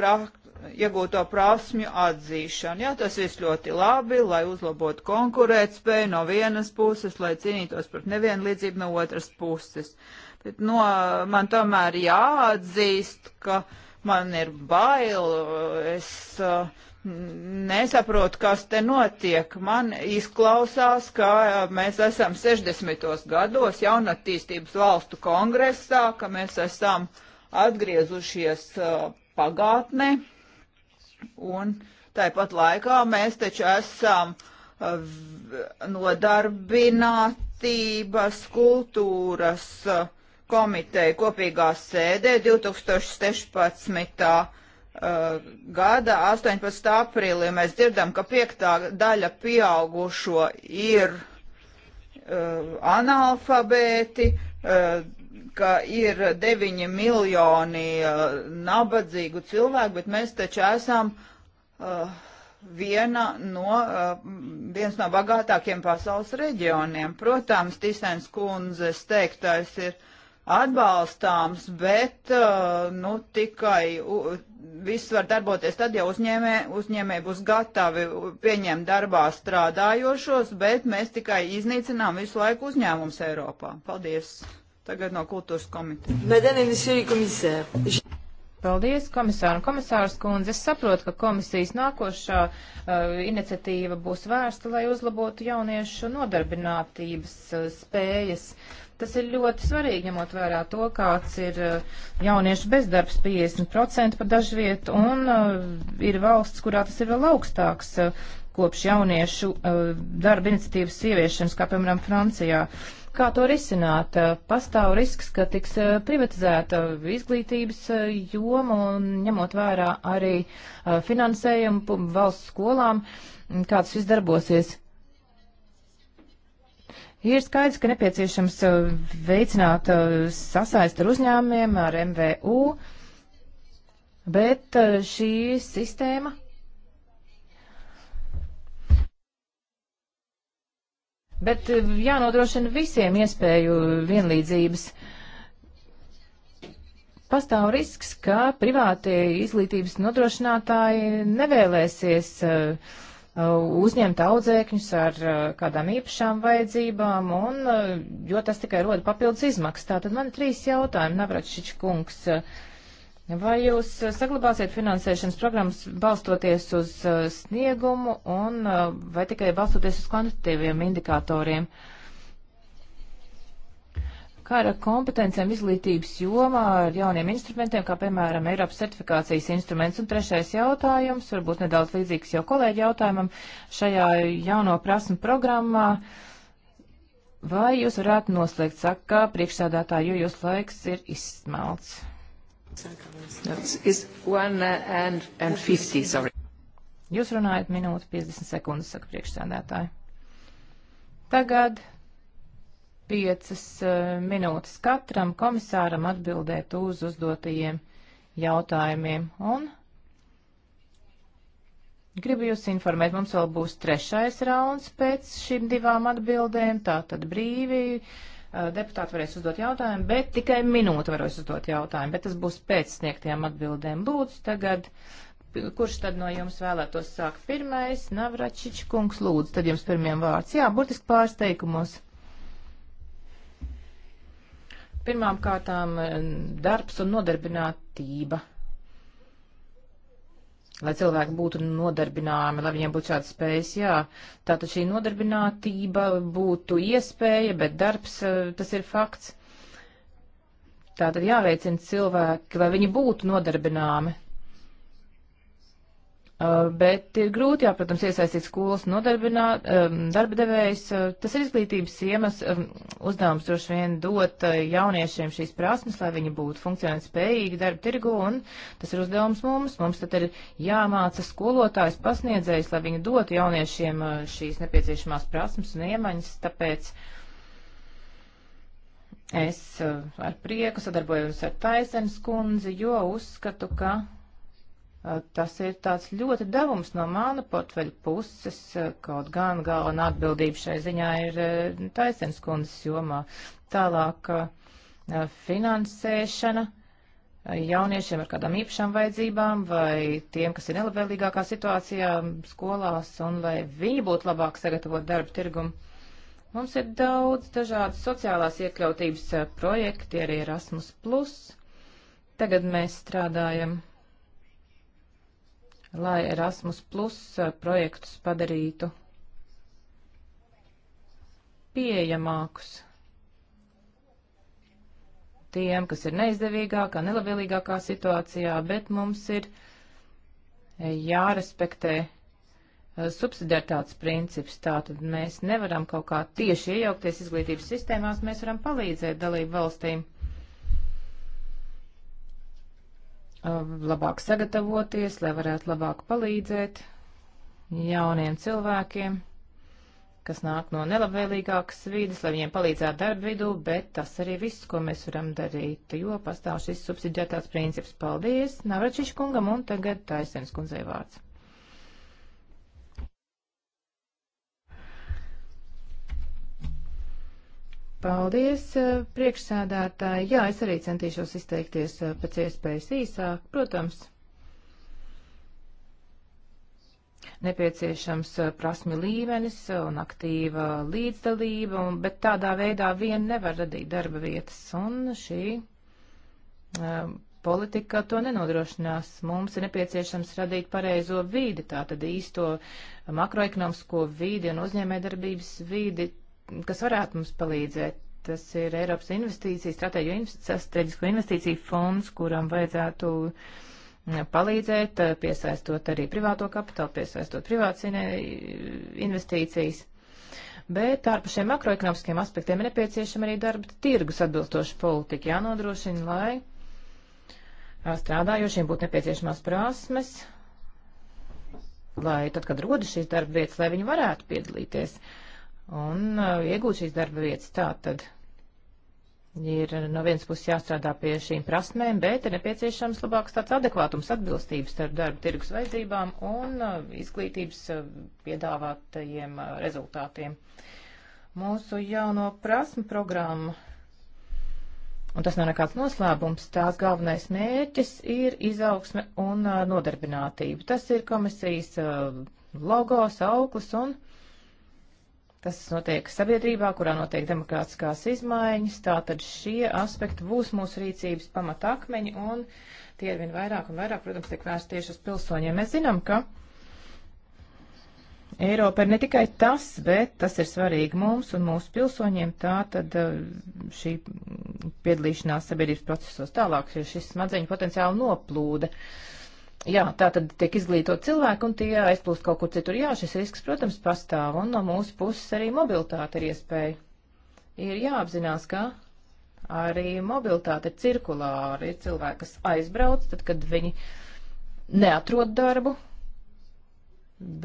prak, iegūto prasmju atzīšanu. Jā, tas viss ļoti labi, lai uzlabotu konkurētspēju no vienas puses, lai cīnītos pret nevienlīdzību no otras puses. Bet no, man tomēr jāatzīst, ka man ir bail, es mm, nesaprotu, kas te notiek. Man izklausās, ka mēs esam 60. gados jaunatīstības valstu kongresā, ka mēs esam atgriezušies pagātnē Un tāpat laikā mēs taču esam eh, nodarbinātības kultūras eh, komiteja kopīgā sēdē 2016. Eh, gada 18. aprīlī. Mēs dzirdam, ka piektā daļa pieaugušo ir analfabēti, ka ir 9 miljoni uh, nabadzīgu cilvēku, bet mēs taču esam uh, viena no, uh, viens no bagātākiem pasaules reģioniem. Protams, Tisens kundzes teiktais ir atbalstāms, bet uh, nu, tikai viss var darboties tad, ja uzņēmē, uzņēmē būs gatavi pieņemt darbā strādājošos, bet mēs tikai iznīcinām visu laiku uzņēmums Eiropā. Paldies! Tagad no kultūras komitejas. Paldies, komisāra un komisārs kundze. Es saprotu, ka komisijas nākošā uh, iniciatīva būs vērsta, lai uzlabotu jauniešu nodarbinātības uh, spējas. Tas ir ļoti svarīgi, ņemot vērā to, kāds ir uh, jauniešu bezdarbs 50% pa dažviet, un uh, ir valsts, kurā tas ir vēl augstāks uh, kopš jauniešu uh, darba iniciatīvas ieviešanas, kā piemēram Francijā. Uh, kā to risināt. Pastāv risks, ka tiks eh, privatizēta izglītības eh, joma un ņemot vērā arī eh, finansējumu valsts skolām, mm, kāds šis darbosies. Ir skaidrs, ka nepieciešams veicināt sasaist ar uzņēmumiem, ar MVU, bet šī sistēma Bet eh, jānodrošina visiem iespēju vienlīdzības. Pastāv risks, ka privātie izglītības nodrošinātāji nevēlēsies uh, uzņemt audzēkņus ar eh, kādām īpašām vajadzībām, un, jo tas tikai roda papildus izmaksas. Tātad man ir trīs jautājumi, Navračiņš kungs. Uh, Vai jūs eh, saglabāsiet finansēšanas programmas balstoties uz eh, sniegumu un eh, vai tikai balstoties uz kvantitīviem indikatoriem? Kā ar kompetencijām izglītības jomā, ar jauniem instrumentiem, kā piemēram Eiropas certifikācijas instruments? Un trešais jautājums, varbūt nedaudz līdzīgs jau kolēģi jautājumam, šajā jauno prasmu programmā. Vai jūs varētu noslēgt, saka priekšsādātāju, jo jūs laiks ir izsmelts? Uh, and, and 50, Jūs runājat minūti 50 sekundes, saka priekšsēdētāji. Tagad piecas uh, minūtes katram komisāram atbildēt uz uzdotajiem jautājumiem. Un gribu jūs informēt, mums vēl būs trešais rauns pēc šīm divām atbildēm, tā tad brīvi. Uh, Eh, deputāti varēs uzdot jautājumu, bet tikai minūte varēs uzdot jautājumu, bet tas būs pēc sniegtajām atbildēm. Lūdzu, tagad, kurš tad no jums vēlētos sākt pirmais? Navračič kungs, lūdzu, tad jums pirmiem vārds. Jā, burtiski pārsteigumos. Pirmām kārtām eh, darbs un nodarbinātība lai cilvēki būtu nodarbināmi, lai viņiem būtu šādas spējas, jā. Tātad šī nodarbinātība būtu iespēja, bet darbs eh, tas ir fakts. Tātad jāveicina cilvēki, lai viņi būtu nodarbināmi. Uh, bet ir grūti, jā, protams, iesaistīt skolas nodarbināt, um, darba devējs. Uh, tas ir izglītības iemes um, uzdevums droši vien dot uh, jauniešiem šīs prasmes, lai viņi būtu funkcionēt spējīgi darba tirgu, un tas ir uzdevums mums. Mums tad ir jāmāca skolotājs pasniedzējs, lai viņi dotu jauniešiem šīs nepieciešamās prasmes un iemaņas, tāpēc. Es ar prieku sadarbojos ar Taisens kundzi, jo uzskatu, ka Eh, tas ir tāds ļoti devums no mana portfeļa puses, eh, kaut gan galvenā atbildība šai ziņā ir eh, taisnības kundzes jomā. Tālāk finansēšana jauniešiem ar kādām īpašām vajadzībām vai tiem, kas ir nelabvēlīgākā situācijā skolās un lai viņi būtu labāk sagatavot darba tirgumu. Mums ir daudz dažādas sociālās iekļautības projekti, arī Erasmus. Tagad mēs strādājam lai Erasmus Plus eh, projektus padarītu pieejamākus tiem, kas ir neizdevīgākā, nelabvēlīgākā situācijā, bet mums ir eh, jārespektē eh, subsidiartāts princips. Tātad mēs nevaram kaut kā tieši iejaukties izglītības sistēmās, mēs varam palīdzēt dalību valstīm Um, labāk sagatavoties, lai varētu labāk palīdzēt jauniem cilvēkiem, kas nāk no nelabvēlīgākas vīdes, lai viņiem palīdzētu darba vidū, bet tas arī viss, ko mēs varam darīt, jo pastāv šis subsidiētās princips. Paldies Navračiš kungam un tagad Taisens kundzei vārds. Paldies, eh, priekšsēdētāji. Jā, es arī centīšos izteikties eh, pēc iespējas īsāk, protams. nepieciešams eh, prasmi līmenis un aktīva līdzdalība, un, bet tādā veidā vien nevar radīt darba vietas, un šī um, politika to nenodrošinās. Mums ir nepieciešams radīt pareizo vīdi, tātad īsto makroekonomisko vīdi un uzņēmēdarbības vīdi kas varētu mums palīdzēt. Tas ir Eiropas investīcija, strateģisko investīciju fonds, kuram vajadzētu mm, palīdzēt, eh, piesaistot arī privāto kapitālu, piesaistot privātas investīcijas. Bet ārpus šiem makroekonomiskiem aspektiem ir nepieciešama arī darba tirgus atbilstoša politika jānodrošina, lai strādājošiem būtu nepieciešamās prasmes, lai tad, kad rodas šīs darba vietas, lai viņi varētu piedalīties uh, un uh, iegūt šīs darba vietas. Tā tad ir uh, no vienas puses jāstrādā pie šīm prasmēm, bet ir nepieciešams labāks tāds adekvātums atbilstības starp darba tirgus vajadzībām un uh, izglītības uh, piedāvātajiem uh, rezultātiem. Mūsu jauno prasmu programmu, un tas nav nekāds noslēpums, tās galvenais mērķis ir izaugsme un uh, nodarbinātība. Tas ir komisijas uh, logos, auklis un. Uh, Tas notiek sabiedrībā, kurā notiek demokrātiskās izmaiņas, tātad šie aspekti būs mūsu rīcības pamata akmeņi, un tie ir vien vairāk un vairāk, protams, tiek vērst tieši uz pilsoņiem. Mēs zinām, ka Eiropa ir ne tikai tas, bet tas ir svarīgi mums un mūsu pilsoņiem, tātad uh, šī piedalīšanās sabiedrības procesos tālāk, jo šis smadzeņu potenciāli noplūda. Uh, Jā, tā tad tiek izglītot cilvēki un tie aizplūst kaut kur citur. Jā, šis risks, protams, pastāv un no mūsu puses arī mobilitāte ir iespēja. Ir jāapzinās, ka arī mobilitāte ir cirkulāra. Ir cilvēki, kas aizbrauc, tad, kad viņi neatrod darbu,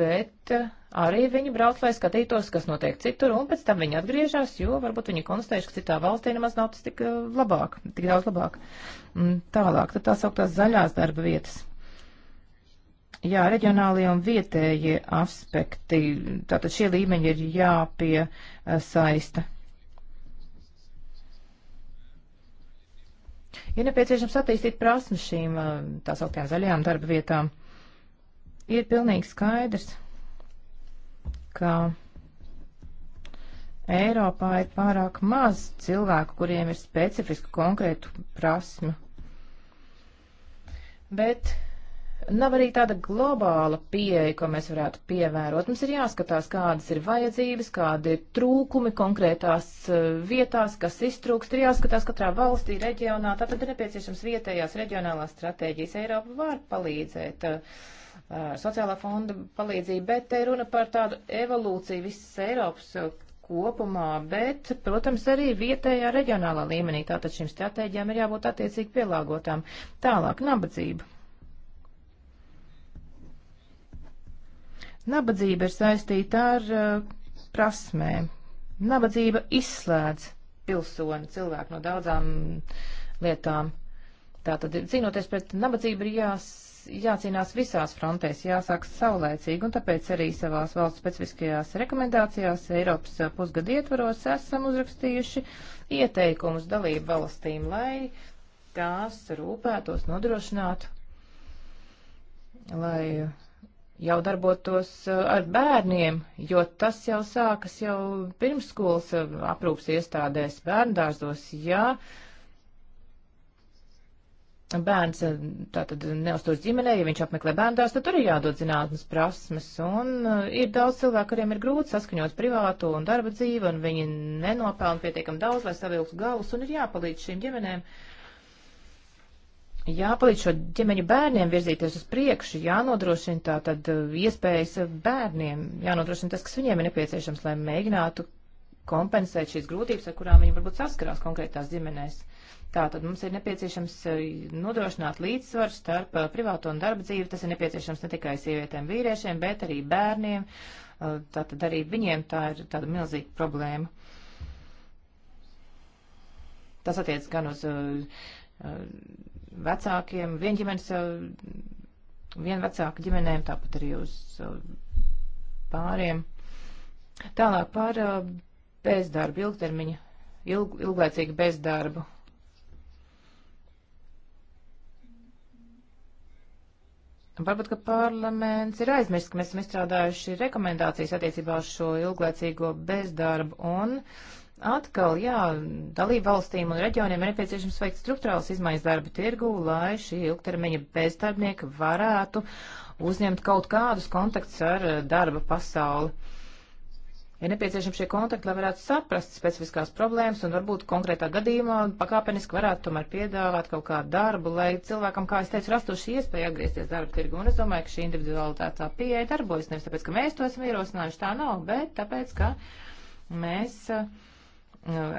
bet eh, arī viņi brauc, lai skatītos, kas notiek citur, un pēc tam viņi atgriežas, jo varbūt viņi konstatējuši, ka citā valstī nemaz nav tas tik eh, labāk, tik daudz labāk. Mm, tālāk, tad tās augtās zaļās darba vietas. Jā, reģionālie un vietējie aspekti, tātad šie līmeņi ir jāpiesaista. Ir nepieciešams attīstīt prasmes šīm tā sauktām zaļajām darba vietām. Ir pilnīgi skaidrs, ka Eiropā ir pārāk maz cilvēku, kuriem ir specifiska konkrētu prasmu. Bet Nav arī tāda globāla pieeja, ko mēs varētu pievērot. Mums ir jāskatās, kādas ir vajadzības, kādi ir trūkumi konkrētās eh, vietās, kas iztrūkst. Ir jāskatās katrā valstī, reģionā. Tātad ir nepieciešams vietējās reģionālās stratēģijas. Eiropa var palīdzēt eh, ar sociālā fonda palīdzību, bet te runa par tādu evolūciju visas Eiropas eh, kopumā, bet, protams, arī vietējā reģionālā līmenī. Tātad šīm stratēģijām ir jābūt attiecīgi pielāgotām. Tālāk, nabadzība. Nabadzība ir saistīta ar eh, prasmēm. Nabadzība izslēdz pilsoni, cilvēku no daudzām lietām. Tātad, cīnoties pret nabadzību, ir jās, jācīnās visās frontēs, jāsāk saulēcīgi, un tāpēc arī savās valsts specifiskajās rekomendācijās Eiropas pusgada ietvaros esam uzrakstījuši ieteikumus dalību valstīm, lai tās rūpētos, nodrošinātu, lai jau darbotos eh, ar bērniem, jo tas jau sākas jau pirmskolas eh, aprūpas iestādēs, bērndārzos, jā. Bērns eh, tātad neuzturas ģimenē, ja viņš apmeklē bērndārs, tad tur ir jādod zinātnes prasmes, un ir daudz cilvēku, kuriem ir grūti saskaņot privāto un darba dzīvi, un viņi nenopelna pietiekam daudz, lai savilktu galus, un ir jāpalīdz šīm ģimenēm. Uh, jāpalīdz šo ģimeņu bērniem virzīties uz priekšu, jānodrošina tā tad uh, iespējas bērniem, jānodrošina tas, kas viņiem ir nepieciešams, lai mēģinātu kompensēt šīs grūtības, ar kurām viņi varbūt saskarās konkrētās ģimenēs. Tātad mums ir nepieciešams uh, nodrošināt līdzsvaru starp uh, privāto un darba dzīvi. Tas ir nepieciešams ne tikai sievietēm, vīriešiem, bet arī bērniem. Tātad arī viņiem tā ir tāda milzīga problēma. Tas attiec gan uz vecākiem, vienģimenes, eh, vienvecāku ģimenēm, tāpat arī uz eh, pāriem. Tālāk par eh, bezdarbu, ilgtermiņa, ilg, ilglaicīgu bezdarbu. Varbūt, ka parlaments ir aizmirst, ka mēs esam izstrādājuši rekomendācijas attiecībā uz šo ilglaicīgo bezdarbu un uh, Atkal, jā, dalību valstīm un reģioniem ir nepieciešams veikt struktūrāls izmaiņas darba tirgu, lai šī ilgtermiņa bezdarbnieki varētu uzņemt kaut kādus kontaktus ar eh, darba pasauli. Ir nepieciešami šie kontakti, lai varētu saprast specifiskās problēmas un varbūt konkrētā gadījumā pakāpeniski varētu tomēr piedāvāt kaut kādu darbu, lai cilvēkam, kā es teicu, rastos šī iespēja atgriezties darba tirgu. Un es domāju, ka šī individualitātā pieeja darbojas nevis tāpēc, ka mēs to esam ierosinājuši, tā nav, bet tāpēc, ka mēs uh,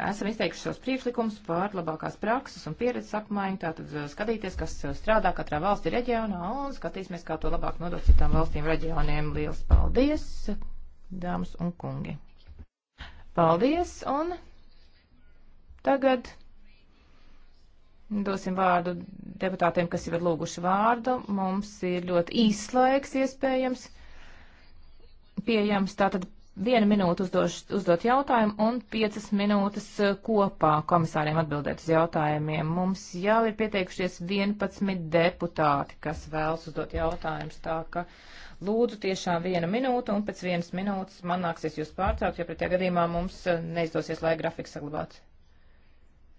esam izteikuši savus priekšlikumus par labākās prakses un pieredzes apmaiņu, tātad eh, skatīties, kas eh, strādā katrā valsti reģionā un skatīsimies, kā to labāk nodot citām valstīm reģioniem. Liels paldies, dāmas un kungi! Paldies, un tagad dosim vārdu deputātiem, kas jau ir lūguši vārdu. Mums ir ļoti īslaiks iespējams pieejams, tātad vienu minūtu uzdoš, uzdot jautājumu un piecas minūtes e, kopā komisāriem atbildēt uz jautājumiem. Mums jau ir pieteikušies 11 deputāti, kas vēlas uzdot jautājumus, tā ka lūdzu tiešām vienu minūtu un pēc vienas minūtes man nāksies jūs pārtraukt, jo pretējā gadījumā mums e, neizdosies laika grafiks saglabāt.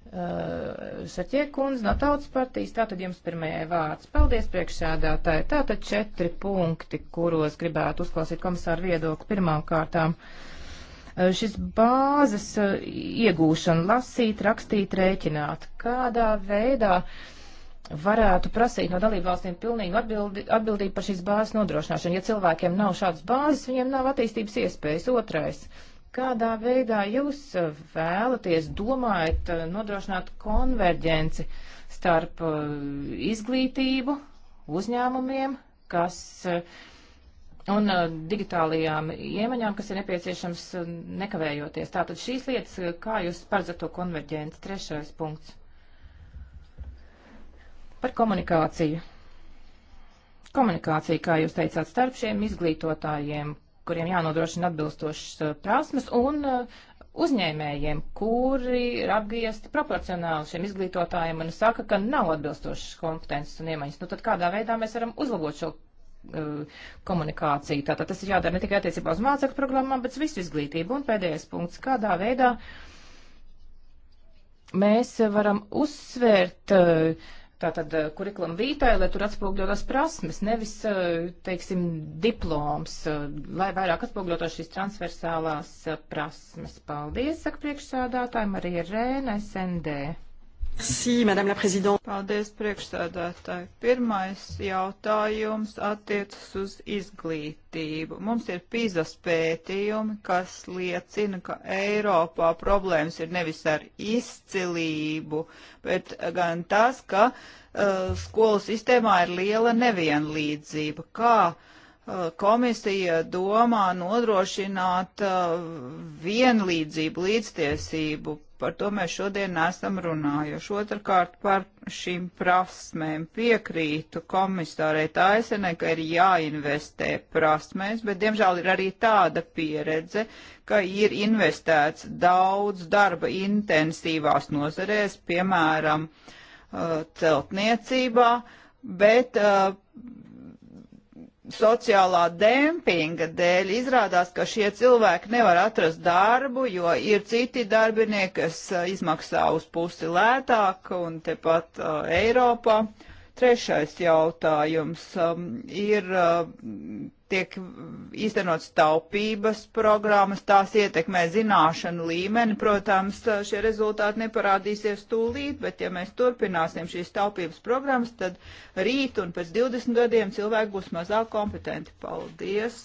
Uh, eh, Saķie kundze no tautas partijas, tātad jums pirmajai vārds. Paldies priekšsēdētāji. Tātad četri punkti, kuros gribētu uzklausīt komisāru viedokli pirmām kārtām. Uh, šis bāzes uh, iegūšana, lasīt, rakstīt, rēķināt, kādā veidā varētu prasīt no dalībvalstīm pilnīgu atbildi, atbildību par šīs bāzes nodrošināšanu. Ja cilvēkiem nav šādas bāzes, viņiem nav attīstības iespējas. Otrais. Uh, Kādā veidā jūs uh, vēlaties, domājat, uh, nodrošināt konverģenci starp uh, izglītību uzņēmumiem, kas un digitālajām iemaņām, kas ir nepieciešams nekavējoties. Tātad šīs lietas, kā jūs paredzat to konverģenci, trešais punkts. Par komunikāciju. Komunikācija, kā jūs teicāt, starp šiem izglītotājiem, kuriem jānodrošina atbilstošas prasmes, uh, un uh, uzņēmējiem, kuri ir apgriezti proporcionāli šiem izglītotājiem un saka, ka nav atbilstošas kompetences un iemaņas. Nu tad kādā veidā mēs varam uzlabot šo uh, komunikāciju. Tātad tas ir jādara ne tikai attiecībā uz mācekļu programmām, bet visu izglītību. Un pēdējais punkts, kādā veidā mēs varam uzsvērt uh, tātad eh, kuriklam vītai, lai tur atspūgļotās prasmes, nevis, eh, teiksim, diploms, eh, lai vairāk atspūgļotās šīs transversālās prasmes. Paldies, saka priekšsādātājiem, arī Rēna SND. Sī, madame la prezidente. Paldies, priekšsēdētāji. Pirmais jautājums attiecas uz izglītību. Mums ir pīzas pētījumi, kas liecina, ka Eiropā problēmas ir nevis ar izcilību, bet gan tas, ka uh, skolu sistēmā ir liela nevienlīdzība. Kā uh, komisija domā nodrošināt uh, vienlīdzību, līdztiesību Par to mēs šodien esam runājuši. Otrakārt par šīm prasmēm piekrītu komisārei Taisenē, ka ir jāinvestē prasmēs, bet diemžēl ir arī tāda pieredze, ka ir investēts daudz darba intensīvās nozarēs, piemēram, uh, celtniecībā, bet uh, sociālā dempinga dēļ izrādās, ka šie cilvēki nevar atrast darbu, jo ir citi darbinieki, kas uh, izmaksā uz pusi lētāk un tepat uh, Eiropā. Uh, Trešais jautājums um, ir, uh, tiek īstenots taupības programmas, tās ietekmē zināšanu līmeni. Protams, uh, šie rezultāti neparādīsies tūlīt, bet ja mēs turpināsim šīs taupības programmas, tad rīt un pēc 20 gadiem cilvēki būs mazāk kompetenti. Paldies!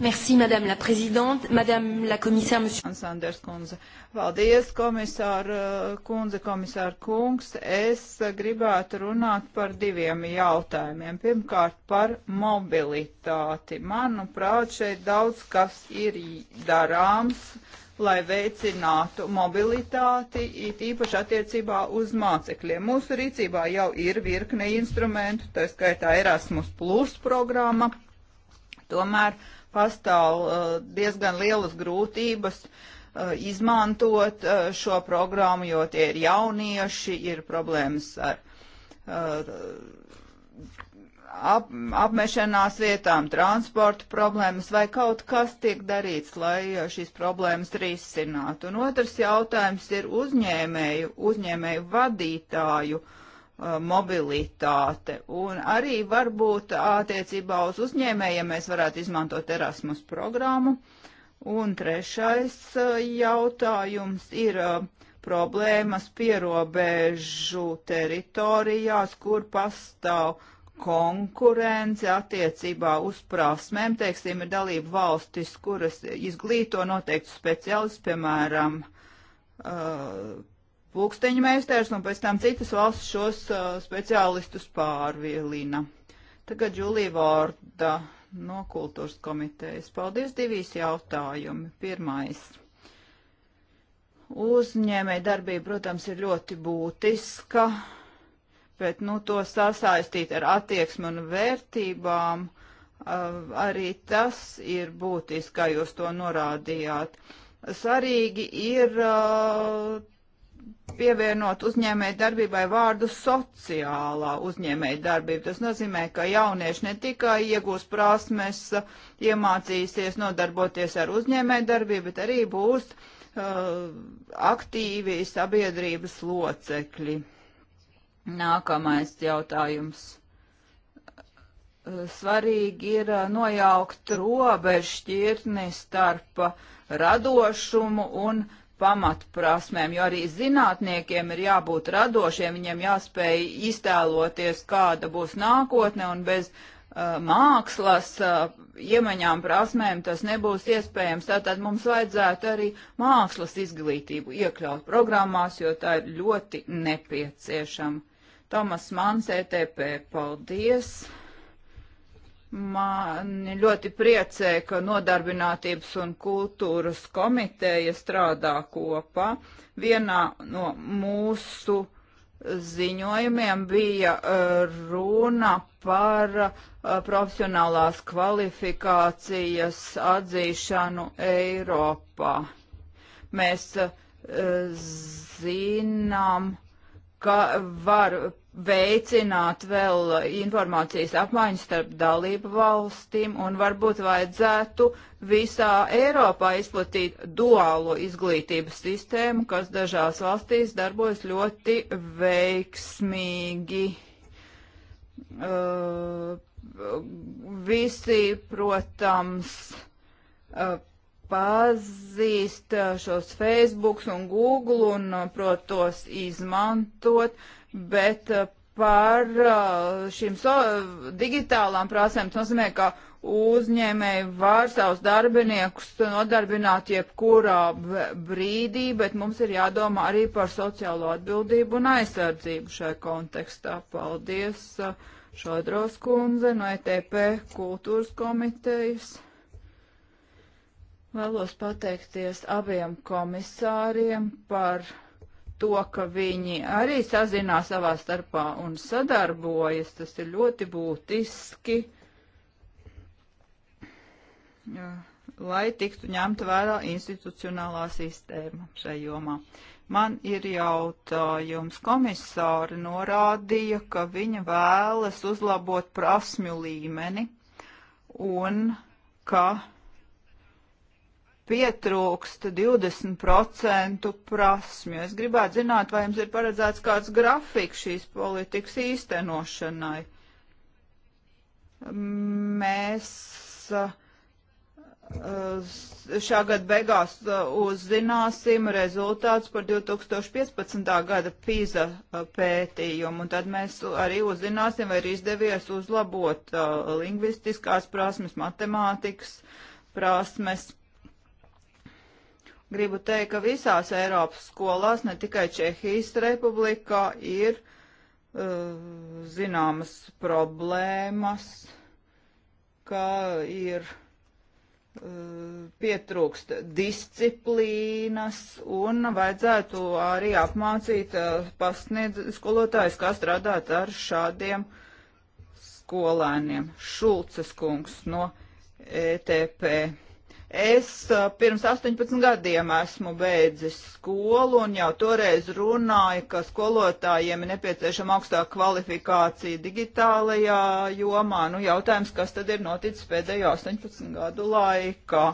Merci, Madame la Présidente, Madame la Komisāra, Monsieur. Sanders kundze. Paldies, komisāra eh, kundze, komisāra kungs. Es gribētu runāt par diviem jautājumiem. Pirmkārt, par mobilitāti. Manuprāt, šeit daudz kas ir darāms, lai veicinātu mobilitāti, it īpaši attiecībā uz mācekļiem. Mūsu rīcībā jau ir virkne instrumentu, tā skaitā Erasmus Plus programma. Tomēr uh, pastāv eh, diezgan lielas grūtības eh, izmantot eh, šo programmu, jo tie ir jaunieši, ir problēmas ar ap, apmešanās vietām, transporta problēmas vai kaut kas tiek darīts, lai šīs problēmas risinātu. Un otrs jautājums ir uzņēmēju, uzņēmēju vadītāju uh, Uh, mobilitāte. Un arī varbūt attiecībā uz uzņēmējiem mēs varētu izmantot Erasmus programmu. Un trešais uh, jautājums ir uh, problēmas pierobežu teritorijās, kur pastāv konkurence attiecībā uz prasmēm. Teiksim, ir dalība valstis, kuras izglīto noteikti speciālisti, piemēram, uh, pulksteņmeistars, un pēc tam citas valsts šos uh, speciālistus pārvielina. Tagad Julija Vārda no kultūras komitejas. Paldies divīs jautājumi. Pirmais. Uzņēmēja darbība, protams, ir ļoti būtiska, bet, nu, to sasaistīt ar attieksmi un vērtībām, uh, arī tas ir būtiski, kā jūs to norādījāt. Svarīgi ir uh, pievienot uzņēmēju darbībai vārdu sociālā uzņēmēju darbība. Tas nozīmē, ka jaunieši ne tikai iegūs prasmes, iemācīsies nodarboties ar uzņēmēju darbību, bet arī būs uh, aktīvi sabiedrības locekļi. Nākamais jautājums. Svarīgi ir uh, nojaukt robežšķirtni starp radošumu un pamatprasmēm, jo arī zinātniekiem ir jābūt radošiem, viņiem jāspēj iztēloties, kāda būs nākotne, un bez uh, mākslas uh, iemaņām prasmēm tas nebūs iespējams. Tātad mums vajadzētu arī mākslas izglītību iekļaut programmās, jo tā ir ļoti nepieciešama. Tomas Mans, ETP, paldies! Mani ļoti priecē, ka nodarbinātības un kultūras komiteja strādā kopā. Vienā no mūsu ziņojumiem bija uh, runa par uh, profesionālās kvalifikācijas atzīšanu Eiropā. Mēs uh, zinām, ka var veicināt vēl informācijas apmaiņu starp dalību valstīm un varbūt vajadzētu visā Eiropā izplatīt duālo izglītības sistēmu, kas dažās valstīs darbojas ļoti veiksmīgi. Uh, visi, protams, uh, pazīst uh, šos Facebooks un Google un uh, prot tos izmantot, bet eh, par eh, šīm so, digitālām prasēm tas nozīmē, ka uzņēmēji var savus darbiniekus nodarbināt jebkurā brīdī, bet mums ir jādomā arī par sociālo atbildību un aizsardzību šai kontekstā. Paldies, eh, Šodros kundze no ETP kultūras komitejas. Vēlos pateikties abiem komisāriem par to, ka viņi arī sazinās savā starpā un sadarbojas, tas ir ļoti būtiski, jā, lai tiktu ņemta vērā institucionālā sistēma šai jomā. Man ir jautājums. Komisāri norādīja, ka viņa vēlas uzlabot prasmju līmeni un ka pietrūkst 20% prasmju. Es gribētu zināt, vai jums ir paredzēts kāds grafiks šīs politikas īstenošanai. Mēs eh, šā gada beigās eh, uzzināsim rezultātus par 2015. gada PISA eh, pētījumu, un tad mēs arī uzzināsim, vai ir izdevies uzlabot lingvistiskās prasmes, matemātikas prasmes Gribu teikt, ka visās Eiropas skolās, ne tikai Čehijas republikā, ir uh, zināmas problēmas, ka ir uh, pietrūkst disciplīnas un vajadzētu arī apmācīt uh, pasniedz skolotājus, kā strādāt ar šādiem skolēniem. Šulces kungs no ETP. Es pirms 18 gadiem esmu beidzis skolu un jau toreiz runāju, ka skolotājiem ir nepieciešama augstāka kvalifikācija digitālajā jomā. Nu, jautājums, kas tad ir noticis pēdējo 18 gadu laikā?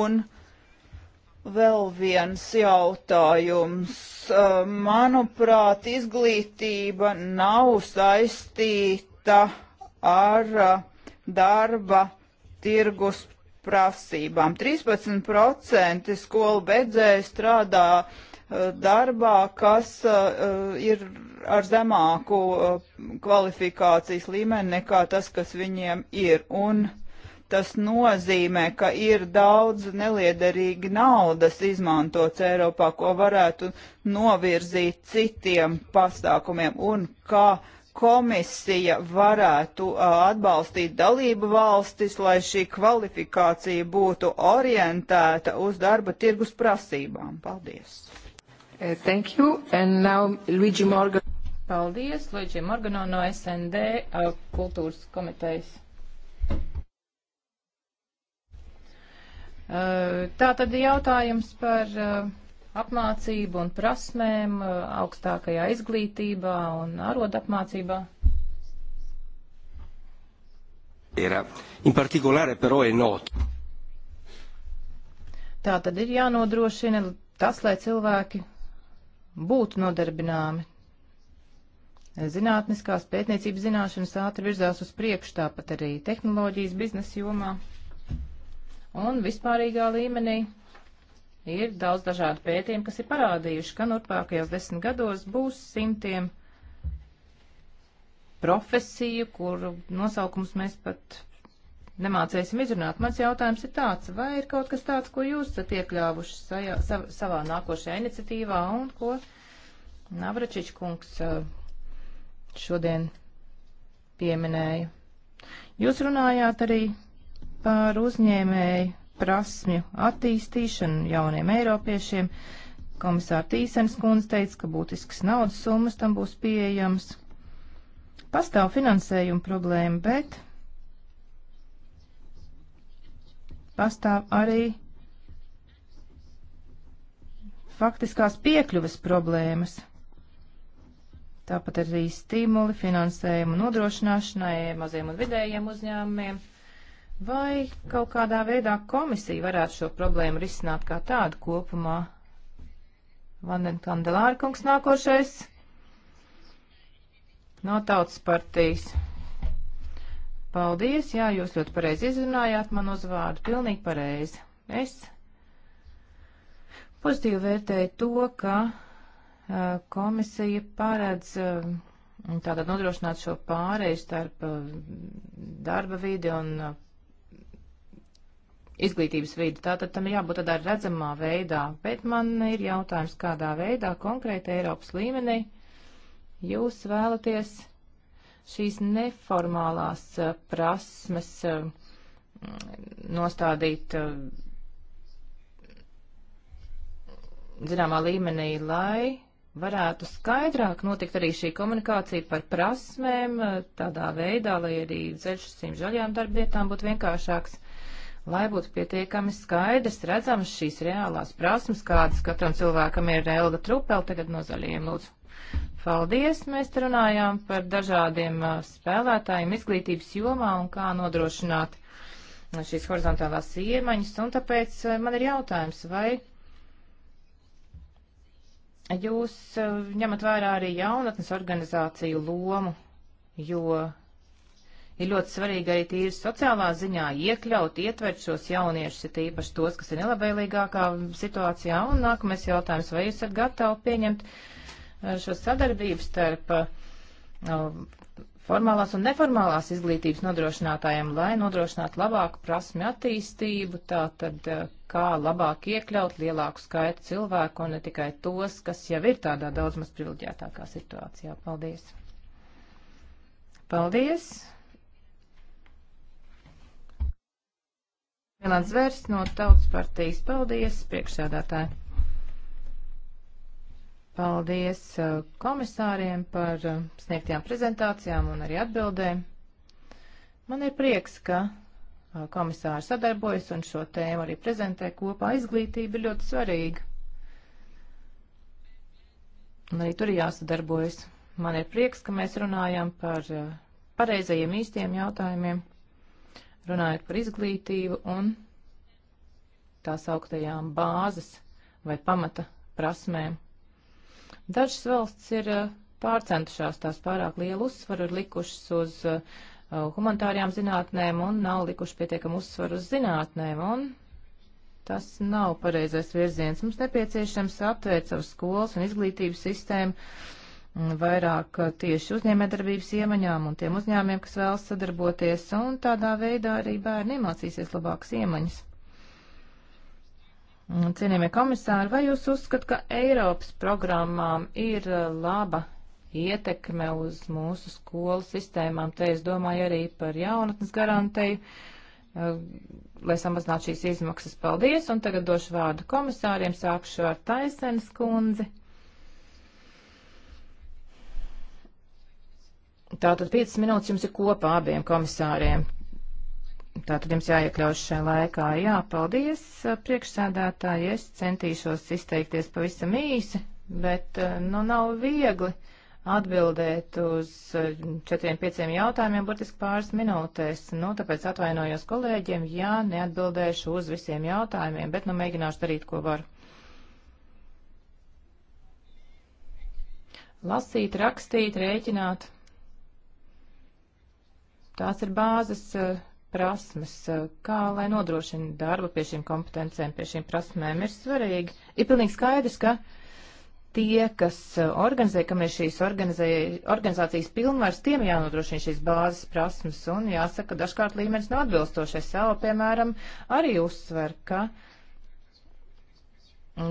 Un vēl viens jautājums. Manuprāt, izglītība nav saistīta ar darba tirgus prasībām. 13% skolu beidzēju strādā eh, darbā, kas eh, ir ar zemāku eh, kvalifikācijas līmeni nekā tas, kas viņiem ir. Un tas nozīmē, ka ir daudz neliederīgi naudas izmantots Eiropā, ko varētu novirzīt citiem pasākumiem un kā uh, komisija varētu atbalstīt dalību valstis, lai šī kvalifikācija būtu orientēta uz darba tirgus prasībām. Paldies! Eh, thank you. And now Luigi Morgan. Paldies, Luigi Morgano no SND kultūras komitejas. Tā tad jautājums par apmācību un prasmēm, uh, augstākajā izglītībā un arodapmācībā. In particolare però è noto. Tā tad ir jānodrošina tas, lai cilvēki būtu nodarbināmi. Zinātniskās pētniecības zināšanas ātri virzās uz priekšu, tāpat arī tehnoloģijas biznesa jomā un vispārīgā līmenī Ir daudz dažādu pētījumu, kas ir parādījuši, ka turpmākajos desmit gados būs simtiem profesiju, kuru nosaukums mēs pat nemācēsim izrunāt. Mans jautājums ir tāds, vai ir kaut kas tāds, ko jūs esat iekļāvuši sajā, sav, savā nākošajā iniciatīvā un ko Navračiņš kungs uh, šodien pieminēja. Jūs runājāt arī par uzņēmēju prasmju attīstīšanu jauniem eiropiešiem. Komisāra Tīsens kundze teica, ka būtisks naudas summas tam būs pieejams. Pastāv finansējuma problēma, bet pastāv arī faktiskās piekļuves problēmas. Tāpat arī stimuli finansējumu nodrošināšanai maziem un vidējiem uzņēmumiem. Vai kaut kādā veidā komisija varētu šo problēmu risināt kā tādu kopumā? Vanden Kandelāra kungs nākošais no tautas partijas. Paldies, jā, jūs ļoti pareizi izrunājāt man uzvārdu, pilnīgi pareizi. Es pozitīvi vērtēju to, ka uh, komisija paredz uh, tātad nodrošināt šo pārēju starp uh, darba vidi un uh, izglītības vidi. Tātad tam ir jābūt tādā redzamā veidā, bet man ir jautājums, kādā veidā konkrēti Eiropas līmenī jūs vēlaties šīs neformālās eh, prasmes eh, nostādīt eh, zināmā līmenī, lai varētu skaidrāk notikt arī šī komunikācija par prasmēm tādā veidā, lai arī ceļš uz šīm zaļajām darbvietām būtu vienkāršāks lai būtu pietiekami skaidrs, redzams šīs reālās prasmes, kādas katram cilvēkam ir Elga Trupel, tagad no zaļiem lūdzu. Paldies! Mēs te runājām par dažādiem uh, spēlētājiem izglītības jomā un kā nodrošināt uh, šīs horizontālās iemaņas, un tāpēc uh, man ir jautājums, vai jūs ņemat vērā arī jaunatnes organizāciju lomu, jo ir ļoti svarīgi arī tīri sociālā ziņā iekļaut, ietvert šos jauniešus, ir tīpaši tos, kas ir nelabvēlīgākā situācijā. Un nākamais jautājums, vai jūs esat gatavi pieņemt eh, šo sadarbību starp eh, eh, formālās un neformālās izglītības nodrošinātājiem, lai nodrošinātu labāku prasmi attīstību, tātad kā labāk iekļaut lielāku skaitu cilvēku un ne tikai tos, kas jau ir tādā daudz maz privileģētākā situācijā. Paldies! Paldies! Milāns Zvērs no Tautas partijas. Paldies, priekšsēdētāji. Paldies uh, komisāriem par uh, sniegtajām prezentācijām un arī atbildēm. Man ir prieks, ka uh, komisāri sadarbojas un šo tēmu arī prezentē kopā. Izglītība ir ļoti svarīga. Un arī tur jāsadarbojas. Man ir prieks, ka mēs runājam par pareizajiem īstiem jautājumiem runājot par izglītību un tās augtajām bāzes vai pamata prasmēm. Dažas valsts ir eh, pārcentušās, tās pārāk lielu uzsvaru ir likušas uz uh, humanitārajām zinātnēm un nav likuši pietiekam uzsvaru uz zinātnēm, un tas nav pareizais virziens. Mums nepieciešams aptvērt savu skolas un izglītības sistēmu Mm, vairāk uh, tieši uzņēmējdarbības iemaņām un tiem uzņēmiem, kas vēlas sadarboties, un tādā veidā arī bērni iemācīsies labākas iemaņas. Mm, cienījamie komisāri, vai jūs uzskat, ka Eiropas programmām ir uh, laba ietekme uz mūsu skolu sistēmām? Te es domāju arī par jaunatnes garantēju, uh, lai samazinātu šīs izmaksas. Paldies, un tagad došu vārdu komisāriem, sākšu ar Taisenes kundzi. Tātad 5 minūtes jums ir kopā abiem komisāriem. Tātad jums jāiekļaujas šajā laikā. Jā, paldies, priekšsēdētāji. Es centīšos izteikties pavisam īsi, bet nu nav viegli atbildēt uz 4-5 jautājumiem burtiski pāris minūtēs. Nu, tāpēc atvainojos kolēģiem, jā, neatbildēšu uz visiem jautājumiem, bet nu mēģināšu darīt, ko varu. Lasīt, rakstīt, rēķināt. Tās ir bāzes eh, prasmes, eh, kā lai nodrošina darbu pie šīm kompetencēm, pie šīm prasmēm, ir svarīgi. Ir pilnīgi skaidrs, ka tie, kas eh, organizē, kam ir šīs organizācijas pilnvars, tiem jānodrošina šīs bāzes prasmes, un jāsaka, dažkārt līmenis nav atbilstošais. Sava, piemēram, arī uzsver, ka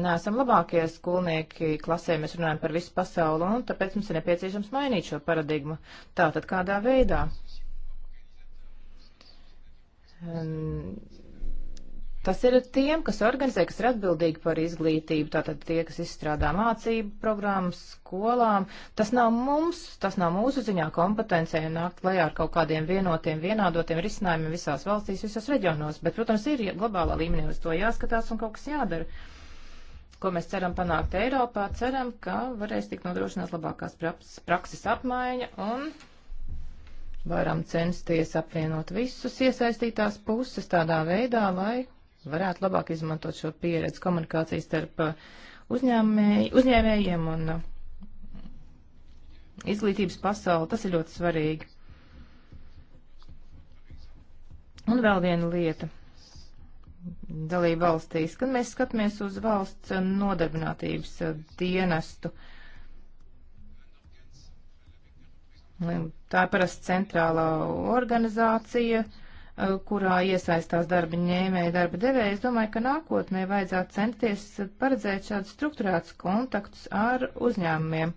neesam labākie skolnieki klasē, mēs runājam par visu pasauli, un tāpēc mums ir nepieciešams mainīt šo paradigmu. Tātad kādā veidā? Ehm, tas ir tiem, kas organizē, kas ir atbildīgi par izglītību, tātad tie, kas izstrādā mācību programmas skolām. Tas nav mums, tas nav mūsu ziņā kompetencija nākt lejā ar kaut kādiem vienotiem, vienādotiem risinājumiem visās valstīs, visos reģionos, bet, protams, ir globālā līmenī uz to jāskatās un kaut kas jādara. Ko mēs ceram panākt Eiropā, ceram, ka varēs tikt nodrošināt labākās prakses apmaiņa un varam censties apvienot visus iesaistītās puses tādā veidā, lai varētu labāk izmantot šo pieredzi komunikācijas starp uh, uzņēmēji, uzņēmējiem un uh, izglītības pasauli. Tas ir ļoti svarīgi. Un vēl viena lieta dalību valstīs, kad mēs skatāmies uz valsts nodarbinātības uh, dienestu. Uh, Tā ir parasti centrālā organizācija, kurā iesaistās darba ņēmēja, darba devēja. Es domāju, ka nākotnē vajadzētu centties paredzēt šādus struktūrētus kontaktus ar uzņēmumiem.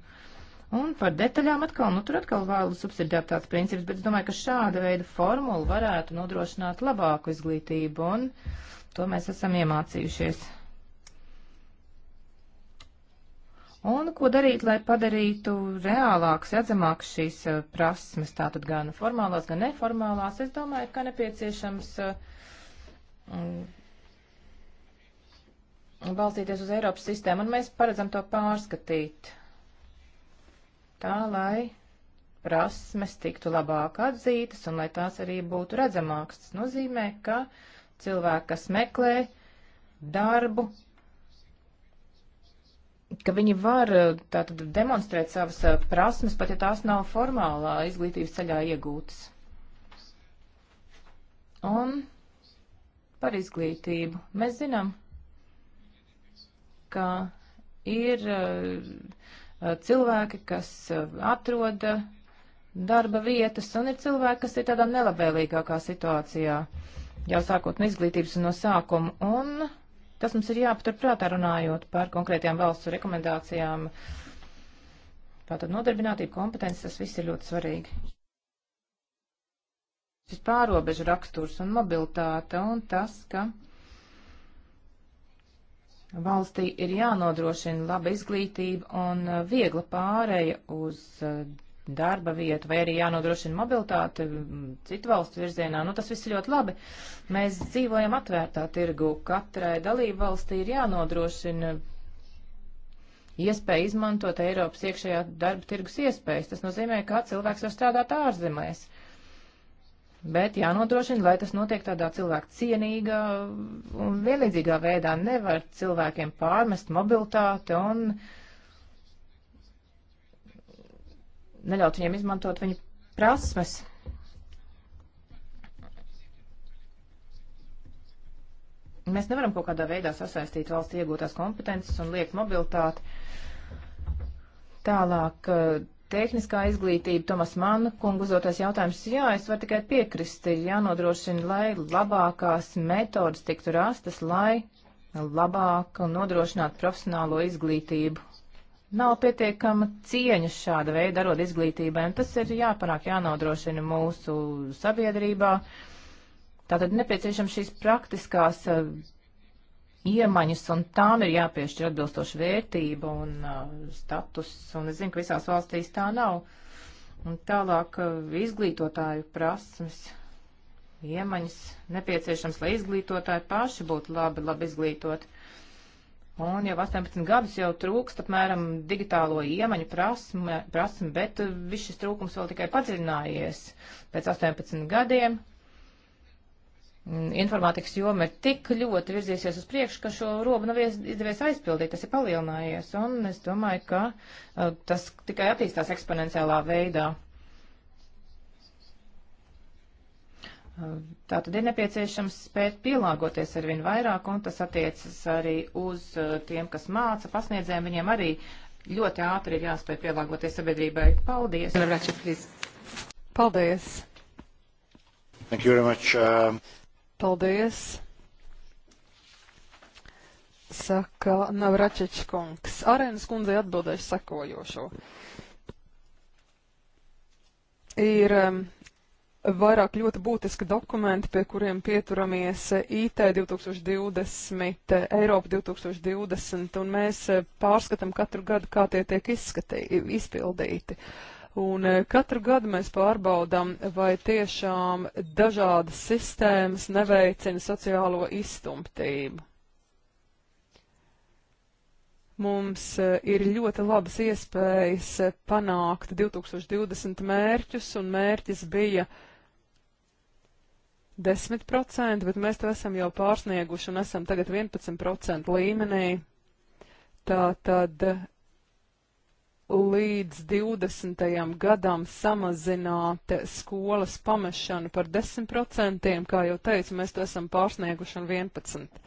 Un par detaļām atkal, nu tur atkal vēl subsidiātāts princips, bet es domāju, ka šāda veida formula varētu nodrošināt labāku izglītību, un to mēs esam iemācījušies. Un ko darīt, lai padarītu reālāks, redzamāks šīs eh, prasmes, tātad gan formālās, gan neformālās, es domāju, ka nepieciešams eh, mm, balstīties uz Eiropas sistēmu, un mēs paredzam to pārskatīt tā, lai prasmes tiktu labāk atzītas un lai tās arī būtu redzamākas. Tas nozīmē, ka cilvēki, kas meklē darbu, ka viņi var eh, tātad demonstrēt savas eh, prasmes, pat ja tās nav formālā izglītības ceļā iegūtas. Un par izglītību. Mēs zinām, ka ir eh, cilvēki, kas atroda darba vietas, un ir cilvēki, kas ir tādā nelabēlīgākā situācijā jau sākot no izglītības un no sākuma. Un Tas mums ir jāpaturprātā runājot par konkrētajām valsts rekomendācijām. Tātad nodarbinātība, kompetences, tas viss ir ļoti svarīgi. Šis pārobežu raksturs un mobilitāte un tas, ka valstī ir jānodrošina laba izglītība un viegla pāreja uz eh, darba vietu, vai arī jānodrošina mobilitāte mm, citu valstu virzienā. Nu, tas viss ir ļoti labi. Mēs dzīvojam atvērtā tirgu. Katrai dalību valstī ir jānodrošina iespēja izmantot Eiropas iekšējā darba tirgus iespējas. Tas nozīmē, ka cilvēks var strādāt ārzemēs. Bet jānodrošina, lai tas notiek tādā cilvēku cienīgā un vienlīdzīgā veidā. Nevar cilvēkiem pārmest mobilitāti un uh, neļaut viņiem izmantot viņu prasmes. Mēs nevaram kaut kādā veidā sasaistīt valsts iegūtās kompetences un liekt mobilitāti. Tālāk, eh, tehniskā izglītība, Tomas Manna kungu uzdotais jautājums, jā, es varu tikai piekrist, ir jānodrošina, lai labākās metodas tiktu rastas, lai labāk nodrošinātu profesionālo izglītību nav pietiekama cieņa šāda veida arod izglītībai, un tas ir jāpanāk, jānodrošina mūsu sabiedrībā. Tātad nepieciešams šīs praktiskās uh, iemaņas, un tām ir jāpiešķir atbilstoša vērtība un uh, status, un es zinu, ka visās valstīs tā nav. Un tālāk uh, izglītotāju prasmes, iemaņas nepieciešams, lai izglītotāji paši būtu labi, labi izglītoti. Un jau 18 gadus jau trūkst apmēram digitālo iemaņu prasme, prasme, bet uh, viss šis trūkums vēl tikai padziļinājies. Pēc 18 gadiem informātikas joma ir tik ļoti virzīsies uz priekšu, ka šo robu nav izdevies aizpildīt, tas ir palielinājies. Un es domāju, ka uh, tas tikai attīstās eksponenciālā veidā. Tā tad ir nepieciešams spēt pielāgoties ar vien vairāk, un tas attiecas arī uz uh, tiem, kas māca pasniedzējiem. Viņiem arī ļoti ātri ir jāspēj pielāgoties sabiedrībai. Paldies! Paldies! Thank you very much. Um... Paldies! Saka Navračič kungs. Arēnas kundzei atbildēšu sekojošo. Ir um, vairāk ļoti būtiski dokumenti, pie kuriem pieturamies eh, IT 2020, eh, Eiropa 2020, un mēs eh, pārskatām katru gadu, kā tie tiek izskatī, izpildīti. Un katru gadu mēs pārbaudām, vai tiešām dažādas sistēmas neveicina sociālo izstumtību. Mums ir ļoti labas iespējas panākt 2020 mērķus, un mērķis bija 20% 10%, bet mēs to esam jau pārsnieguši un esam tagad 11% līmenī. Tā tad līdz 20. gadam samazināt skolas pamešanu par 10%, kā jau teicu, mēs to esam pārsnieguši un 11%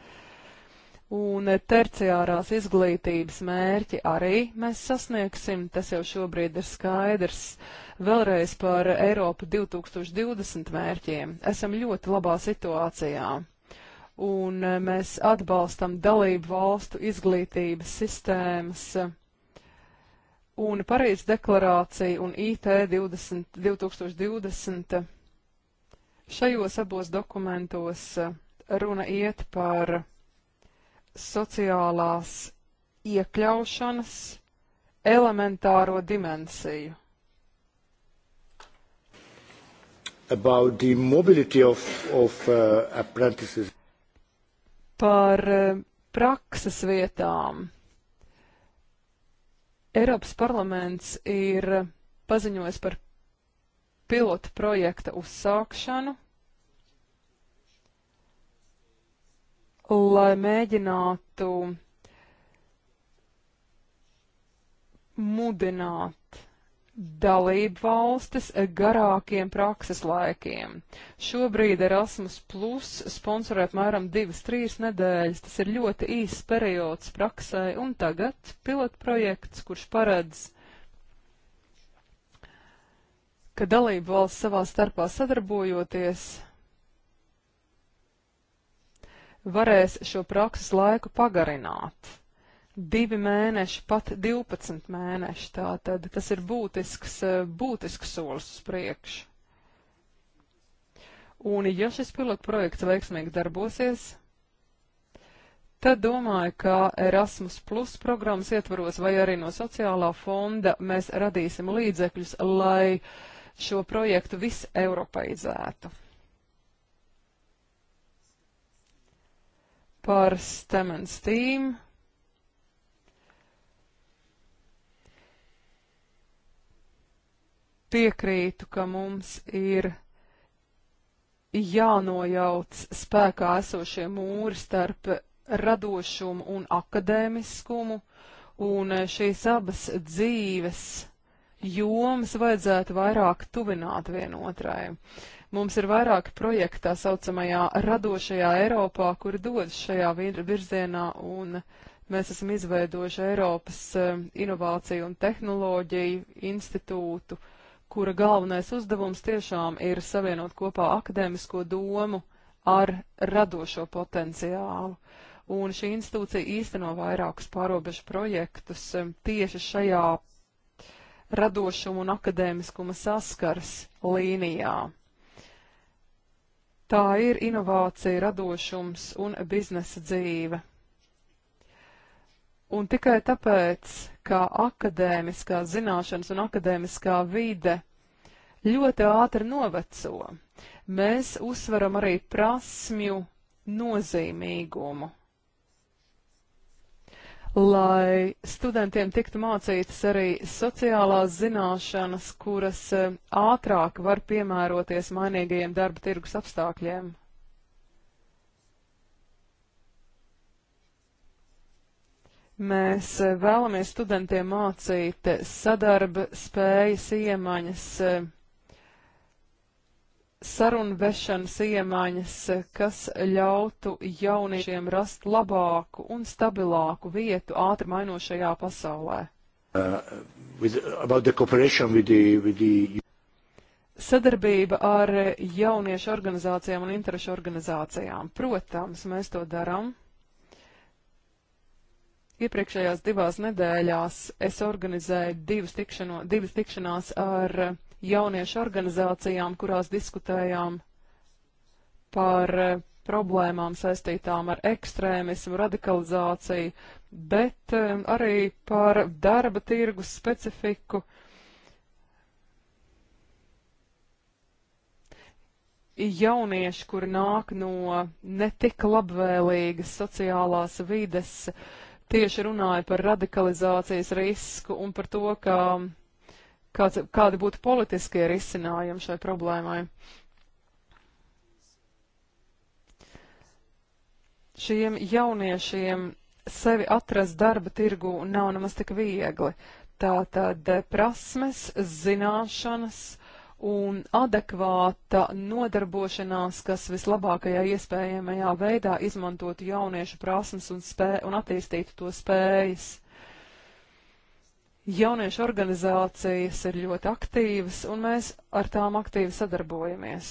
un terciārās izglītības mērķi arī mēs sasniegsim, tas jau šobrīd ir skaidrs. Vēlreiz par Eiropu 2020 mērķiem. Esam ļoti labā situācijā. Un mēs atbalstam dalību valstu izglītības sistēmas. Un Parīzes deklarācija un IT 20, 2020 šajos abos dokumentos runa iet par sociālās iekļaušanas elementāro dimensiju. About the mobility of, of uh, apprentices. Par uh, prakses vietām. Eiropas parlaments ir paziņojis par pilotu projekta uzsākšanu lai mēģinātu mudināt dalību valstis garākiem prakses laikiem. Šobrīd Erasmus Plus sponsorē apmēram 2-3 nedēļas, tas ir ļoti īss periods praksē, un tagad pilotprojekts, kurš paredz, ka dalību valsts savā starpā sadarbojoties varēs šo prakses laiku pagarināt. Divi mēneši, pat 12 mēneši, tātad tas ir būtisks, eh, būtisks solis uz priekšu. Un ja šis pilotprojekts veiksmīgi darbosies, Tad domāju, ka Erasmus Plus programmas ietvaros vai arī no sociālā fonda mēs radīsim līdzekļus, lai šo projektu viseiropeizētu. par STEM and STEAM. Piekrītu, ka mums ir jānojauc spēkā esošie mūri starp radošumu un akadēmiskumu, un šīs abas dzīves jomas vajadzētu vairāk tuvināt vienotrai. Mums ir vairāki projekti tā saucamajā radošajā Eiropā, kuri dodas šajā virzienā un mēs esam izveidojuši Eiropas eh, inovāciju un tehnoloģiju institūtu, kura galvenais uzdevums tiešām ir savienot kopā akadēmisko domu ar radošo potenciālu. Un šī institūcija īsteno vairākus pārobežu projektus eh, tieši šajā radošuma un akadēmiskuma saskars līnijā. Tā ir inovācija, radošums un biznesa dzīve. Un tikai tāpēc, ka akadēmiskā zināšanas un akadēmiskā vide ļoti ātri noveco, mēs uzsveram arī prasmju nozīmīgumu lai studentiem tiktu mācītas arī sociālās zināšanas, kuras e, ātrāk var piemēroties mainīgajiem darba tirgus apstākļiem. Mēs e, vēlamies studentiem mācīt sadarba spējas iemaņas, e, sarunvešanas iemaņas, kas ļautu jauniešiem rast labāku un stabilāku vietu ātri mainošajā pasaulē. Uh, with, with the, with the... Sadarbība ar jauniešu organizācijām un interešu organizācijām. Protams, mēs to darām. Iepriekšējās divās nedēļās es organizēju divas, tikšano, divas tikšanās ar uh, jauniešu organizācijām, kurās diskutējām par eh, problēmām saistītām ar ekstrēmismu, radikalizāciju, bet eh, arī par darba tirgus specifiku. Jaunieši, kuri nāk no netik labvēlīgas sociālās vides, tieši runāja par radikalizācijas risku un par to, ka kāds, kādi būtu politiskie risinājumi šai problēmai. Šiem jauniešiem sevi atrast darba tirgu nav nemaz tik viegli. Tātad prasmes, zināšanas un adekvāta nodarbošanās, kas vislabākajā iespējamajā veidā izmantotu jauniešu prasmes un, spē, un attīstītu to spējas. Jauniešu organizācijas ir ļoti aktīvas, un mēs ar tām aktīvi sadarbojamies.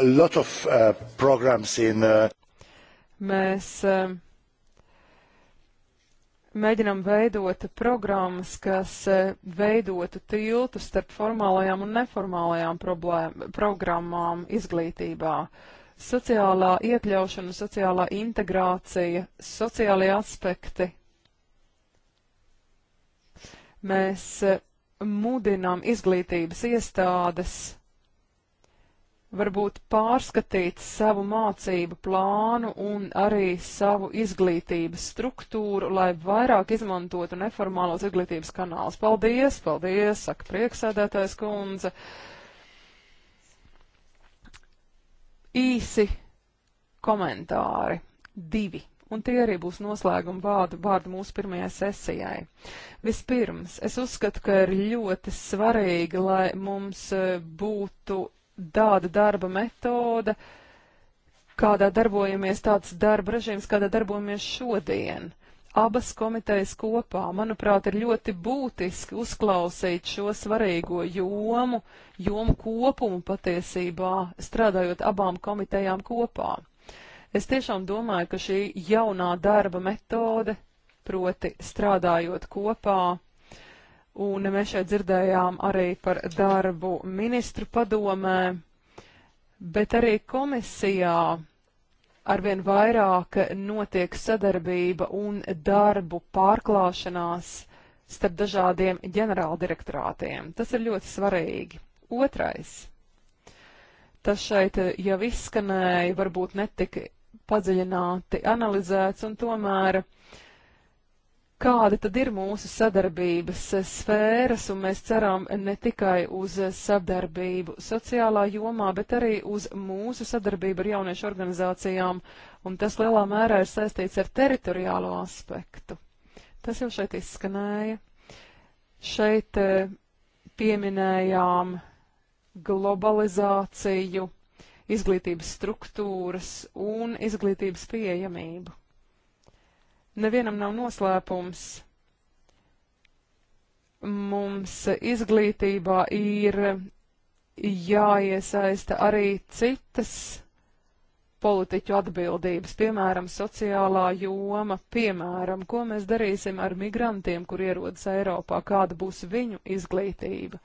Of, uh, in, uh... Mēs uh, mēģinam veidot programmas, kas uh, veidotu tiltu starp formālajām un neformālajām problēma, programmām izglītībā. Uh, Sociālā iekļaušana, sociālā integrācija, sociālie aspekti. Mēs eh, mudinām izglītības iestādes varbūt pārskatīt savu mācību plānu un arī savu izglītības struktūru, lai vairāk izmantotu neformālos izglītības kanālus. Paldies, paldies, saka prieksēdētājs kundze. Uh, īsi komentāri. Divi. Un tie arī būs noslēguma vārdi, vārdi mūsu pirmajai sesijai. Vispirms, es uzskatu, ka ir ļoti svarīgi, lai mums e, būtu tāda darba metode, kādā darbojamies, tāds darba režīms, kādā darbojamies šodien abas komitejas kopā. Manuprāt, ir ļoti būtiski uzklausīt šo svarīgo jomu, jomu kopumu patiesībā, strādājot abām komitejām kopā. Es tiešām domāju, ka šī jaunā darba metode, proti strādājot kopā, un mēs šeit dzirdējām arī par darbu ministru padomē, bet arī komisijā arvien vairāk notiek sadarbība un darbu pārklāšanās starp dažādiem ģenerāldirektorātiem. Tas ir ļoti svarīgi. Otrais. Tas šeit jau izskanēja, varbūt netika padziļināti analizēts, un tomēr uh, kāda tad ir mūsu sadarbības sfēras, un mēs ceram ne tikai uz sadarbību sociālā jomā, bet arī uz mūsu sadarbību ar jauniešu organizācijām, un tas lielā mērā ir saistīts ar teritoriālo aspektu. Tas jau šeit izskanēja. Šeit eh, pieminējām globalizāciju, izglītības struktūras un izglītības pieejamību. Nevienam nav noslēpums. Mums izglītībā ir jāiesaista arī citas politiķu atbildības, piemēram, sociālā joma, piemēram, ko mēs darīsim ar migrantiem, kur ierodas Eiropā, kāda būs viņu izglītība.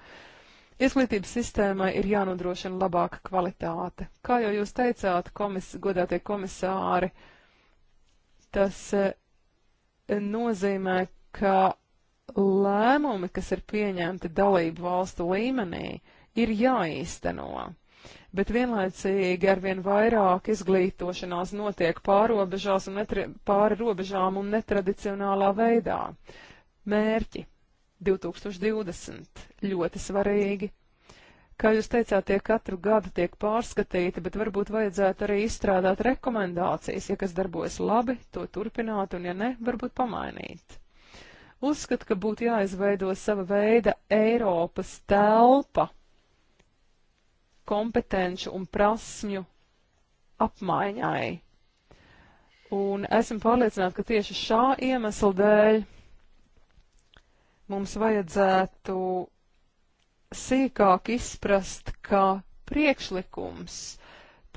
Izglītības sistēmai ir jānodrošina labāka kvalitāte. Kā jau jūs teicāt, komis, godātie komisāri, tas eh, nozīmē, ka lēmumi, kas ir pieņemti dalību valstu līmenī, ir jāīsteno. Bet vienlaicīgi arvien vairāk izglītošanās notiek pārobežās un pāri robežām un netradicionālā veidā. Mērķi 2020 ļoti svarīgi, Kā jūs teicāt, tie katru gadu tiek pārskatīti, bet varbūt vajadzētu arī izstrādāt rekomendācijas, ja kas darbojas labi, to turpināt, un ja ne, varbūt pamainīt. Uzskatu, ka būtu jāizveido sava veida Eiropas telpa kompetenču un prasmju apmaiņai. Un esmu pārliecināta, ka tieši šā iemesla dēļ mums vajadzētu sīkāk izprast, kā priekšlikums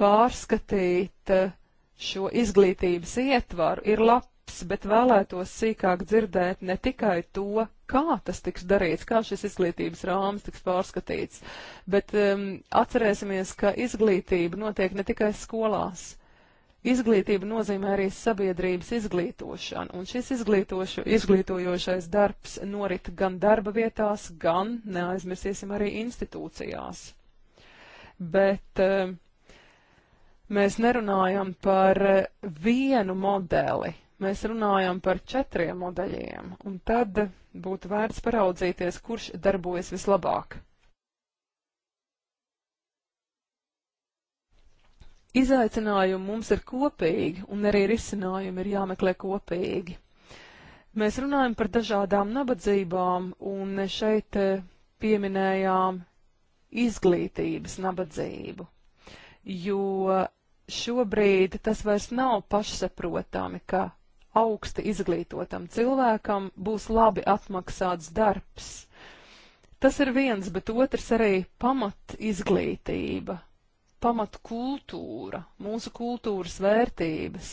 pārskatīt eh, šo izglītības ietvaru ir labs, bet vēlētos sīkāk dzirdēt ne tikai to, kā tas tiks darīts, kā šis izglītības rāmis tiks pārskatīts, bet um, atcerēsimies, ka izglītība notiek ne tikai skolās. Izglītība nozīmē arī sabiedrības izglītošanu, un šis izglītojošais darbs norit gan darba vietās, gan, neaizmirsīsim, arī institūcijās. Bet uh, mēs nerunājam par eh, vienu modeli, mēs runājam par četriem modeļiem, un tad būtu vērts paraudzīties, kurš darbojas vislabāk. Izaicinājumi mums ir kopīgi, un arī risinājumi ir jāmeklē kopīgi. Mēs runājam par dažādām nabadzībām, un šeit eh, pieminējām izglītības nabadzību, jo šobrīd tas vairs nav pašsaprotami, ka augsti izglītotam cilvēkam būs labi atmaksāts darbs. Tas ir viens, bet otrs arī pamat izglītība pamatkultūra, mūsu kultūras vērtības.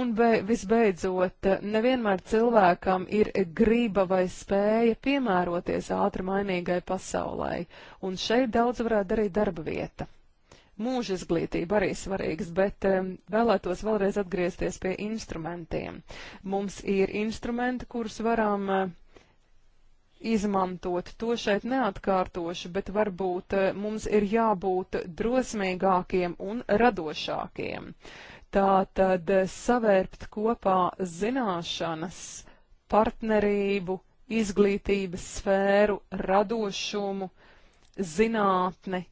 Un be, visbeidzot, nevienmēr cilvēkam ir griba vai spēja piemēroties ātri mainīgai pasaulē, un šeit daudz varētu darīt darba vieta. Mūža izglītība arī svarīgs, bet um, vēlētos vēlreiz atgriezties pie instrumentiem. Mums ir instrumenti, kurus varam uh, izmantot. To šeit neatkārtošu, bet varbūt eh, mums ir jābūt drosmīgākiem un radošākiem. Tā tad eh, savērpt kopā zināšanas, partnerību, izglītības sfēru, radošumu, zinātni.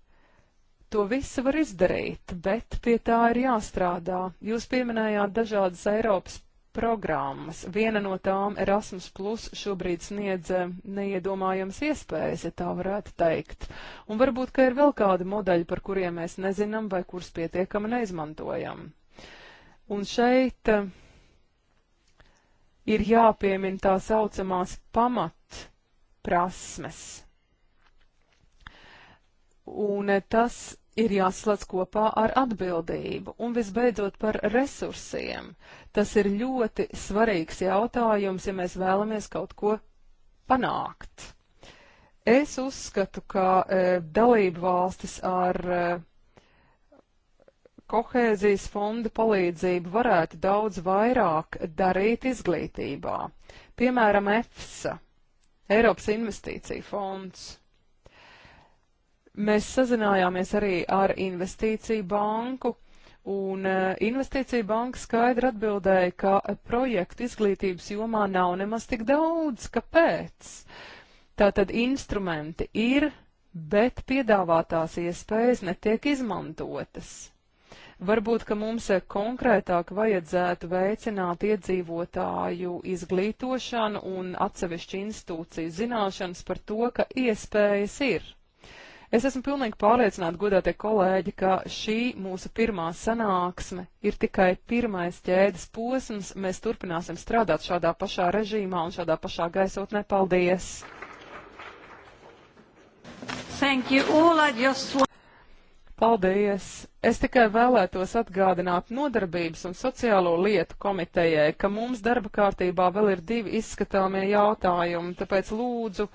To visu var izdarīt, bet pie tā ir jāstrādā. Jūs pieminējāt dažādas Eiropas programmas. Viena no tām Erasmus Plus šobrīd sniedz eh, neiedomājams iespējas, ja tā varētu teikt. Un varbūt, ka ir vēl kādi modeļi, par kuriem mēs nezinām vai kurus pietiekami neizmantojam. Un šeit eh, ir jāpiemina tā saucamās pamatprasmes. Un eh, tas ir jāslēdz kopā ar atbildību. Un visbeidzot par resursiem. Tas ir ļoti svarīgs jautājums, ja mēs vēlamies kaut ko panākt. Es uzskatu, ka e, dalību valstis ar e, kohēzijas fonda palīdzību varētu daudz vairāk darīt izglītībā. Piemēram, EFSA, Eiropas investīcija fonds Mēs sazinājāmies arī ar investīciju banku, un eh, investīcija banka skaidri atbildēja, ka projektu izglītības jomā nav nemaz tik daudz. Kāpēc? Tātad instrumenti ir, bet piedāvātās iespējas netiek izmantotas. Varbūt, ka mums eh, konkrētāk vajadzētu veicināt iedzīvotāju izglītošanu un atsevišķu institūciju zināšanas par to, ka iespējas ir. Es esmu pilnīgi pārliecināta, godātie kolēģi, ka šī mūsu pirmā sanāksme ir tikai pirmais ķēdes posms. Mēs turpināsim strādāt šādā pašā režīmā un šādā pašā gaisotnē. Paldies! Thank you all. I just want... Paldies! Es tikai vēlētos atgādināt Nodarbības un sociālo lietu komitejai, ka mums darba kārtībā vēl ir divi izskatāmie jautājumi, tāpēc lūdzu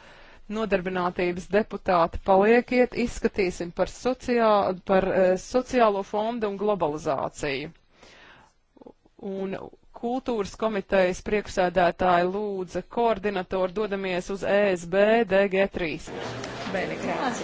nodarbinātības deputāti paliekiet, izskatīsim par, sociā, par e, sociālo fondu un globalizāciju. Un kultūras komitejas priekšsēdētāja lūdza koordinatoru dodamies uz ESB DG3. Bene, grazie.